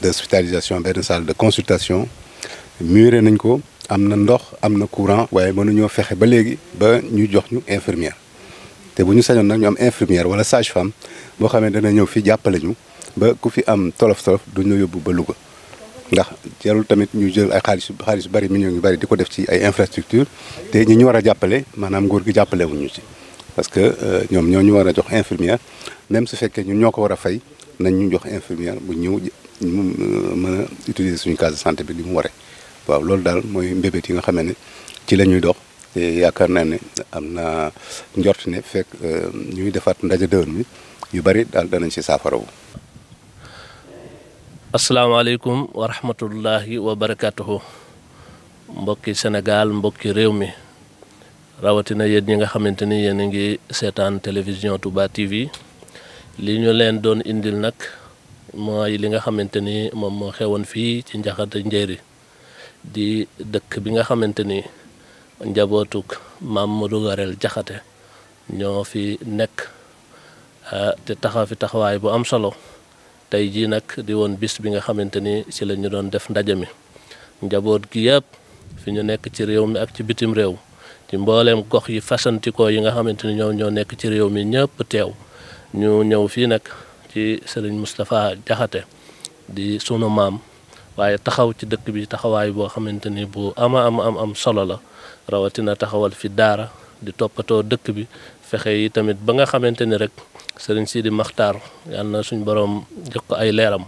d'hospitalisation benn salle de consultation muré nañ ko am na ndox am na courant waaye mënuñoo fexé ba légui ba ñu jox ñu infirmière té buñu sañon nak ñu am infirmière wala sage femme bo xamé dana ñëw fi jappalé ñu ba ku fi am tolof tolof duñu yóbbu ba Louga ndax jarul tamit ñu jël ay xaalis xaalis bari mi ñu bari diko def ci ay infrastructure té ñi ñu wara jappalé manam maanaam nguur gi jàppale wuñu ci parce que euh, ñom ñoo ñu wara jox infirmière même su fekkee ñun ñoko wara fay nañ ñu jox infirmière bu ñëw ñu euh, mën a utiliser suñu case santé bi li mu waree waaw loolu daal mooy mbébéet yi nga xam ne ci la ñuy dox te yaakaar naa ne am na njort ne fekk euh, ñuy defaat ndaje dëwën bi yu bari daal danañ ci saafarawu asalaamaaleykum wa rahmatullahi wa barakatuhu mbokki Sénégal mbokki réew mi rawatina yéen ñi nga xamante ni yéen a ngi seetaan télévision Touba TV li ñu leen doon indil nag mooy li nga xamante ni moom moo xewoon fii ci njaxate njéeri di dëkk bi nga xamante ni njabootuk maam Modou Gorel jaxate ñoo fi nekk te taxaw fi taxawaay bu am solo tey jii nag di won bis bi nga xamante ni ci la ñu doon def ndaje mi njaboot gi yëpp fi ñu nekk ci réew mi ak ci bitim réew ci mbooleem gox yi fasantikoo yi nga xamante ni ñoom ñoo nekk ci réew mi ñëpp teew ñu ñëw fii nag ci sëriñ Moustapha Jaxate di sunu maam waaye taxaw ci dëkk bi taxawaay boo xamante ni bu ama am am am solo la rawatina taxawal fi daara di toppatoo dëkk bi fexe yi tamit ba nga xamante ni rek sëriñ di Maxtaar yal na suñ borom jox ay leeram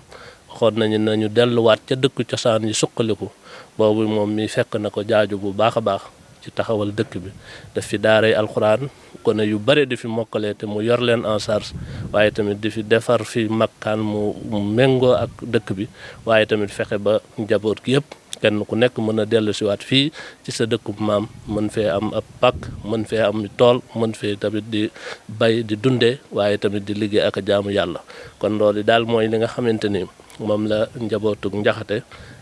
waxoon nañu nañu delluwaat ca dëkk cosaan yi suqaliku boobu moom mi fekk na ko jaaju bu baax a baax ci taxawal dëkk bi def fi daaray alxuraan gone yu bare di fi mokkalee te mu yor leen en charge waaye tamit di fi defar fi makkaan mu méngoo ak dëkk bi waaye tamit fexe ba njaboot gi yëpp kenn ku nekk mën a dellu siwaat fii ci sa dëkkub maam mën fee am ab pàkk mën fee am tool mën fee tamit di bay di dundee waaye tamit di liggéey ak jaamu yàlla kon loolu daal mooy li nga xamante ni moom la njabootuk njaxate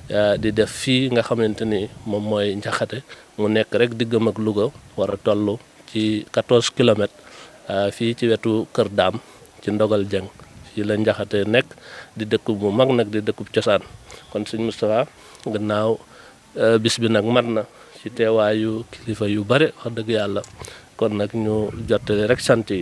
Euh, di def fii nga xamante ni moom mooy Njaxate mu nekk rek diggam ak Louga war a toll ci 14 kilomètres euh, fii ci wetu Kër Daam ci Ndogal Jeng fii la Njaxate nekk di dëkku bu mag nag di dëkku cosaan kon sëñ Moustapha gannaaw euh, bis bi nag mat na ci teewaayu kilifa yu bare wax dëgg yàlla kon nag ñu jottali rek sant yi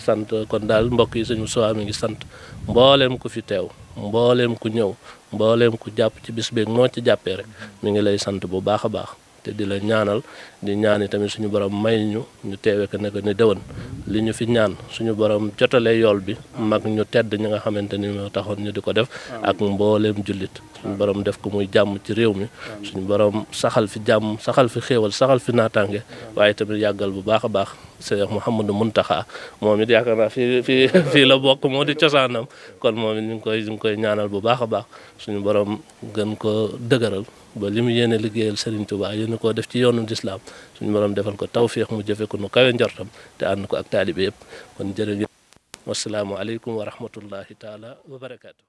sant kon daal mbokk yi sëñ Moustapha mi ngi sant mbooleem ku fi teew mbooleem ku ñëw mbooleem ku jàpp ci bis beeg moo ci jàppee rek mi ngi lay sant bu baax a baax te di la ñaanal di ñaan tamit suñu borom may ñu ñu teewe ko nekk ni déwén li ñu fi ñaan suñu borom jotalee yool bi mag ñu tedd ñu nga xamante ni moo taxoon ñu di ko def ak mbooleem jullit borom def ko muy jàmm ci réew mi suñu saxal fi jàmm saxal fi xéewal saxal fi naataange waaye tamit yàggal bu baax a baax Seex Muhammadu Muntaxa moom it yaakaar naa fii fii fii la bokk moo di cosaanam kon moom it ñu ngi koy ñu ngi koy ñaanal bu baax a baax suñu borom gën ko dëgëral ba li mu yéene liggéeyal Serigne Touba yéene koo def ci yoonu lislaam suñu borom defal ko tawféex mu jëfe ko nu kawe njortam te ànd ko ak taalibe yëpp kon jërëjëf wasalaamualeykum wa rahmatullahi taala wa barakaatu.